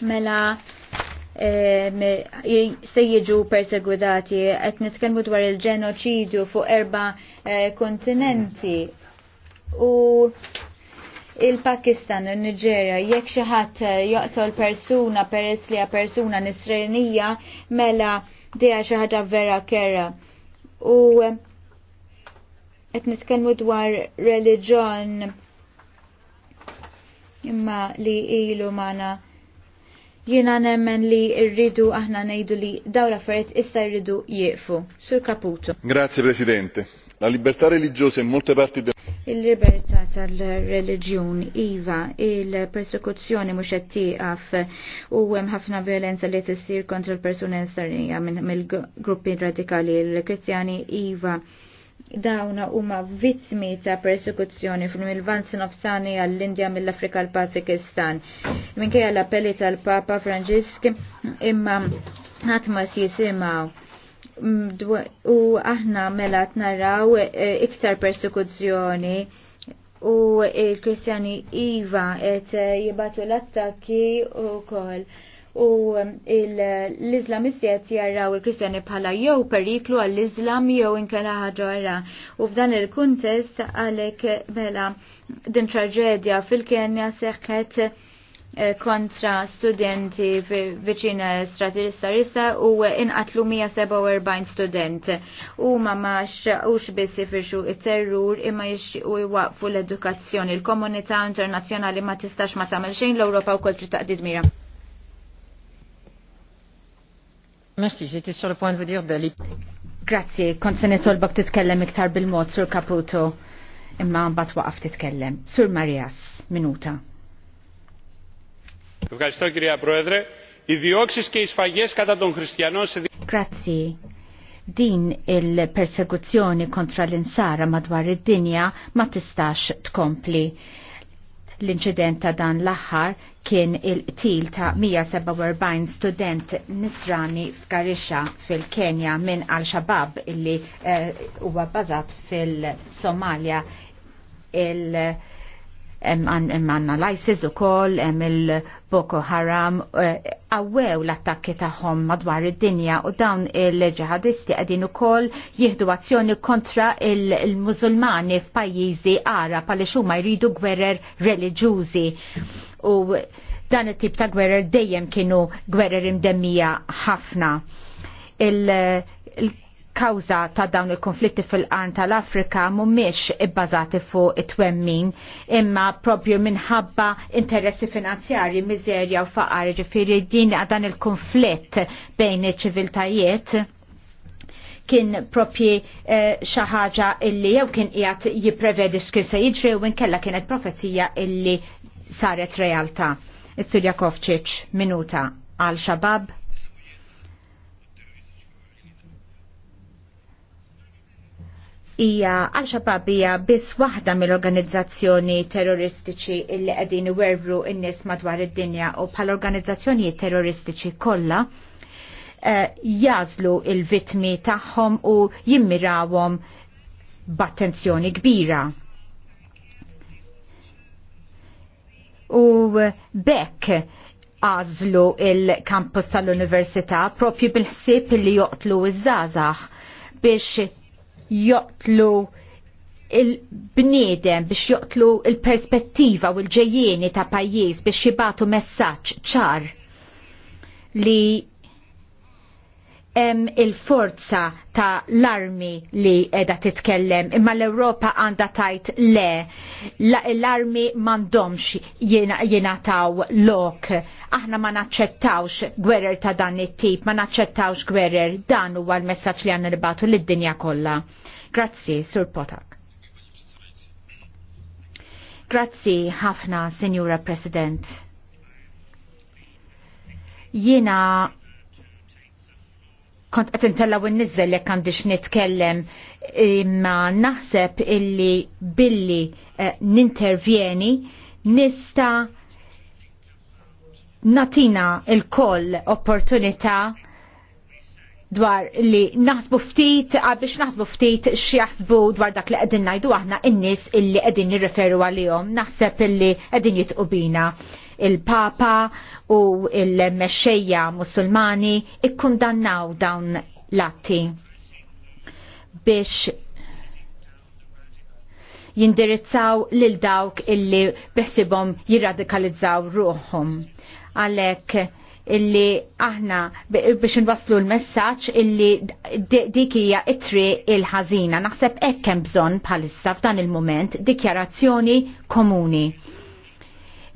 mela se jiġu persegwitati. Qed nitkellmu dwar il-ġenoċidju fuq erba' eh, kontinenti. U il-Pakistan, il-Nigeria, jekk xi ħadd eh, joqtol persuna peress li persuna nisrenija mela dejha xi ħaġa vera kera. U eh, qed nitkellmu dwar reliġjon imma li ilu mana Jiena nemmen li rridu aħna ngħidu li dawra l issa jridu jieqfu. Sur Caputo. Grazie Presidente. La libertà religiosa in molte parti del Il-libertà tal-reliġjun iva, il-persekuzzjoni mhux qed tieqaf u hemm ħafna violenza li tissir kontra l-persuni minn mill-gruppi radikali l-Kristjani iva dawna huma vittmi ta' persekuzzjoni fil-Milvan sinofsani għall-Indja mill-Afrika l-Pakistan. Minkejja l-appelli tal-Papa Franġisk imma ħatmas jisimaw u aħna mela t-naraw e, iktar persekuzzjoni u il-Kristjani Iva et jibatu l-attakki u kol u l is qed jarraw il-Kristjani bħala jew periklu għall-Islam jew inkella ħaġa oħra. U f'dan il-kuntest għalhekk mela din traġedja fil-Kenja seħħet eh, kontra studenti viċin stratista rissa u inqatlu 147 student. U ma max ux bissi firxu il-terrur imma u jwaqfu l-edukazzjoni. Il-komunità internazjonali ma tistax ma tamel xejn l-Europa u kol taqdid mira. Merci, j'étais sur le point de vous dire d'aller. Grazie, kont se nitolbok titkellem iktar bil-mod sur Caputo imma mbagħad waqaf titkellem. Sur Marias, minuta. Ευχαριστώ κυρία Πρόεδρε. Οι και οι κατά των χριστιανών σε... Grazie din il-persekuzzjoni kontra l-insara madwar id-dinja ma tistax tkompli. L-inċident ta' dan l-aħħar kien il-qtil ta' 147 student nisrani f'Garisha fil-Kenja minn al shabab illi eh, huwa uh, fil-Somalia il- uh, għanna l-ISIS u koll, il-Boko Haram, eh, għawew l-attakki taħħom madwar id-dinja u dawn il-ġihadisti għadin u koll jihdu azzjoni kontra il-Musulmani f'pajjiżi għara pali xuma jridu gwerer religjużi. U dan it-tip ta' gwerer dejjem kienu gwerer imdemmija ħafna. il kawza ta' dawn il-konflitti fil-qarn tal-Afrika mhumiex ibbażati fuq it-twemmin imma propju minħabba interessi finanzjarji, miżerja u faqar, ġifiri din dan il-konflitt bejn iċ-ċiviltajiet kien propji eh, xaħġa ħaġa illi jew kien qiegħed jiprevedi x'kien se jiġri u inkella kienet profezija illi saret realtà. is Kovċiċ, minuta għal xabab hija Al-Shabaab hija biss waħda mill-organizzazzjoni terroristiċi illi qegħdin werru n-nies madwar id-dinja u bħal organizzazzjoni terroristiċi kollha jazlu eh, jażlu il-vitmi tagħhom u jimmirawhom b'attenzjoni kbira. U bekk għazlu il-kampus tal-Università propju bil-ħsieb li joqtlu iż-żazax biex joqtlu il-bniedem biex joqtlu il-perspettiva u l-ġejjieni ta' pajjiż biex jibatu messaġġ ċar li hemm il-forza ta' l-armi li edha titkellem, imma l-Europa għanda tajt le, l-armi mandomx taw lok, aħna ma naċċettawx gwerer ta' dan it-tip, ma naċċettawx gwerer, dan huwa l-messaġġ li għanna ribatu lid-dinja kollha. Grazzi, Sur Potak. Grazzi ħafna, Senjura President. Jiena kont qed intellaw nizzel jekk għandix nitkellem imma naħseb illi billi eh, nintervjeni nista natina il-koll opportunità dwar li naħsbu ftit għabix naħsbu ftit x'jaħsbu dwar dak li qegħdin ngħidu aħna in-nies illi qegħdin nirreferu għalihom naħseb illi qegħdin jitqu bina il-Papa u il-mexxejja Musulmani ikkundannaw dawn l-atti biex jindirizzaw lil dawk illi biħsibhom jirradikalizzaw ruħum. Għalhekk illi aħna biex nwaslu l-messaġġ illi dik hija itri il-ħażina. Naħseb hekk hemm bżonn bħalissa f'dan il-mument dikjarazzjoni komuni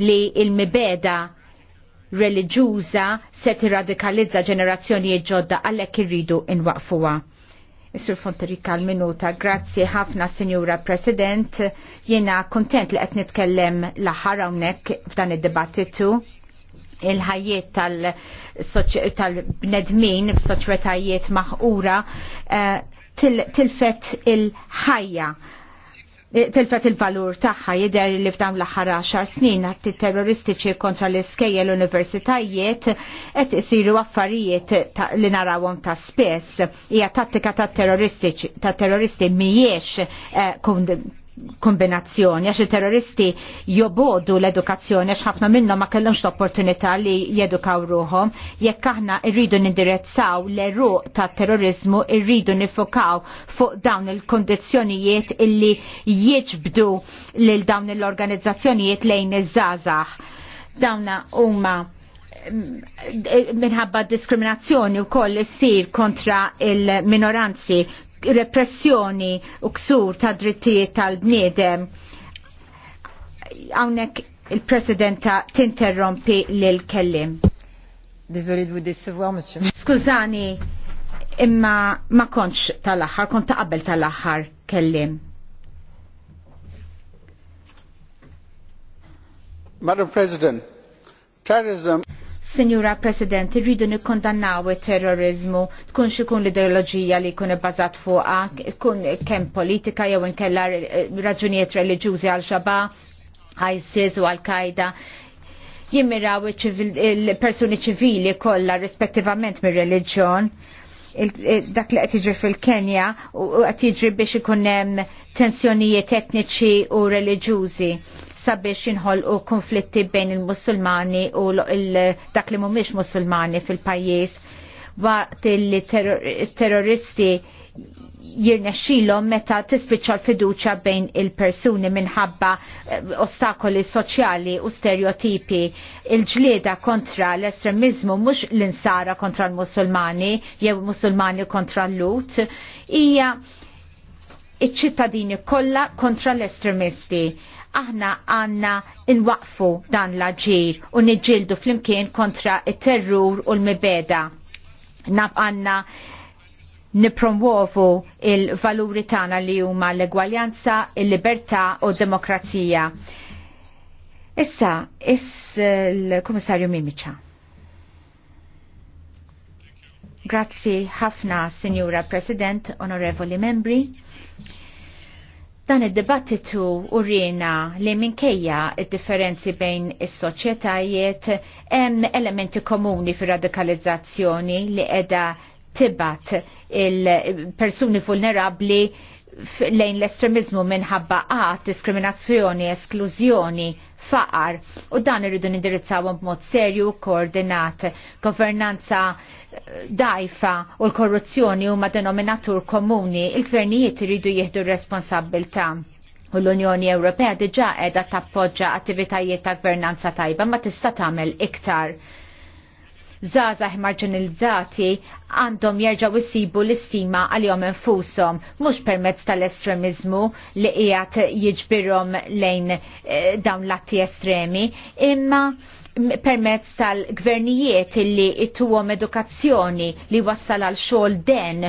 li il-mibeda reliġjuża se tirradikalizza ġenerazzjonijiet ġodda għalhekk irridu inwaqfuha. Isur sur Fonterika l-minuta, grazzi ħafna Signora President, jiena kontent li qed nitkellem l-aħħar hawnhekk f'dan id-dibattitu il-ħajiet tal-bnedmin tal f'soċjetajiet maħqura uh, tilfet il-ħajja tilfet il-valur tagħha jider li f'dawn l-aħħar 10 snin għatti terroristiċi kontra l-iskejjel universitajiet qed isiru affarijiet li narawhom ta' spess. Hija tattika ta' terroristiċi ta' terroristi mhijiex eh, kombinazzjoni għax il-terroristi jobodu l-edukazzjoni għax ħafna minnhom ma kellhomx l-opportunità li jedukaw ruhom jekk aħna rridu nindirezzaw l-eruq ta' terrorizmu rridu nifokaw fuq dawn il-kondizzjonijiet illi jiġbdu lil dawn l-organizzazzjonijiet lejn iż-żgħażagħ. Dawna huma mm, minħabba diskriminazzjoni u koll sir kontra il-minoranzi repressjoni u ksur ta' drittijiet tal-bniedem. Hawnhekk il-Presidenta tinterrompi lil kellim. Désolé u vous Skużani, imma ma kontx tal-aħħar, kont ta' qabel tal-aħħar kellim. Madam President, terrorism Signora President, irridu nikkondannaw il-terrorizmu, tkun xikun l-ideologija li kun bazat fuqa, kun kem politika jew inkella raġunijiet religjużi għal xaba, ISIS u Al-Qaida jimmiraw il-persuni ċivili kollha rispettivament mir reliġjon dak li qed fil-Kenja u qed jiġri biex ikun hemm tensjonijiet etniċi u reliġjużi sabiex u konflitti bejn il-Musulmani u dak li mhumiex Musulmani fil-pajjiż waqt il terroristi jirnexxilhom meta tispiċċa l-fiduċja bejn il-persuni minħabba eh, ostakoli soċjali u stereotipi. Il-ġlieda kontra l-estremizmu mhux l-insara kontra l-Musulmani jew Musulmani kontra l-Lut hija iċ-ċittadini kollha kontra l-estremisti aħna għanna inwaqfu dan l-ġir u nġildu fl-imkien kontra il-terrur u l-mibeda. Nab għanna nipromuovu il-valuri tana li huma l-egwaljanza, il-libertà u demokrazija. Issa, iss eh, l-Komissarju Mimiċa. Grazzi ħafna, Signora President, Onorevoli Membri. Dan id-dibattitu urina li minkejja id-differenzi bejn is-soċjetajiet hemm elementi komuni fir-radikalizzazzjoni li qiegħda tibat il-persuni vulnerabli lejn l-estremizmu minħabba għat, ah, diskriminazzjoni, esklużjoni, faqar u dan irridu nindirizzawhom b'mod serju koordinat. Governanza eh, dajfa u l-korruzzjoni huma denominatur komuni, il-gvernijiet iridu jieħdu r u l-Unjoni Ewropea diġa qiegħda tappoġġa attivitajiet ta' gvernanza tajba ma tista' tagħmel iktar zazaħ marginalizzati għandhom jerġaw issibu l-istima għal-jom infusom, mux permezz tal-estremizmu li qiegħed jiġbirhom lejn eh, dawn l-atti estremi, imma permezz tal-gvernijiet li ittuhom edukazzjoni li wassal għal xogħol den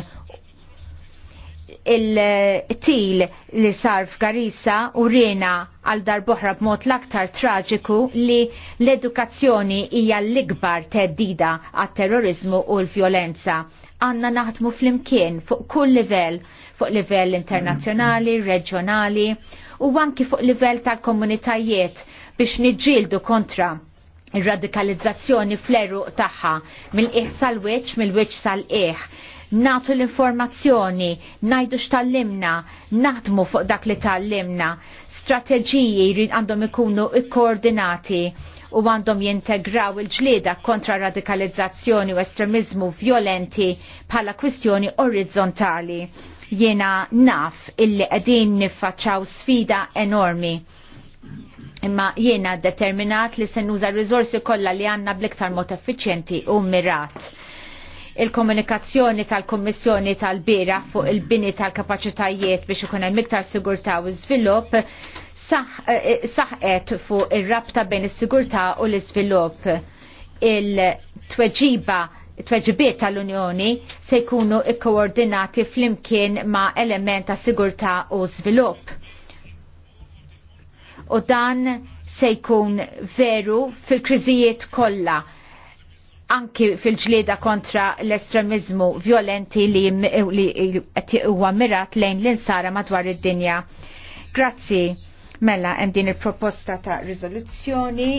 il-til li sar garissa u rena għal darboħra b'mod l-aktar traġiku li l-edukazzjoni hija l-ikbar teddida għat terrorizmu u l-vjolenza. Għanna naħdmu fl-imkien fuq kull livell, fuq livell internazzjonali, reġjonali u anki fuq livell tal-komunitajiet biex niġġieldu kontra ir-radikalizzazzjoni fl-eruq tagħha mill-qiegħ sal-wiċċ mill-wiċċ sal-qiegħ natu l-informazzjoni, najdu x-tallimna, naħdmu fuq dak li tallimna, strateġiji jrid għandhom ikunu ikkoordinati u għandhom jintegraw il-ġlieda kontra radikalizzazzjoni u estremizmu violenti bħala kwistjoni orizzontali. Jena naf illi qegħdin niffaċċaw sfida enormi. Imma jiena determinat li se nuża r-riżorsi kollha li għandna bl-iktar mod effiċjenti u mirat il-komunikazzjoni tal-Kommissjoni tal-bira fuq il-bini tal-kapacitajiet biex ikun hemm iktar sigurtà u żvilupp eh, saħqet fuq ir-rabta bejn is-sigurtà u l-iżvilupp. Il-tweġiba tweġibiet tal-Unjoni se jkunu koordinati flimkien ma' element ta' sigurtà u żvilupp. U dan se jkun veru fil-kriżijiet kollha anki fil-ġlieda kontra l-estremizmu violenti li huwa mirat lejn l-insara madwar id-dinja. Grazzi, mela hemm din il-proposta ta' riżoluzzjoni.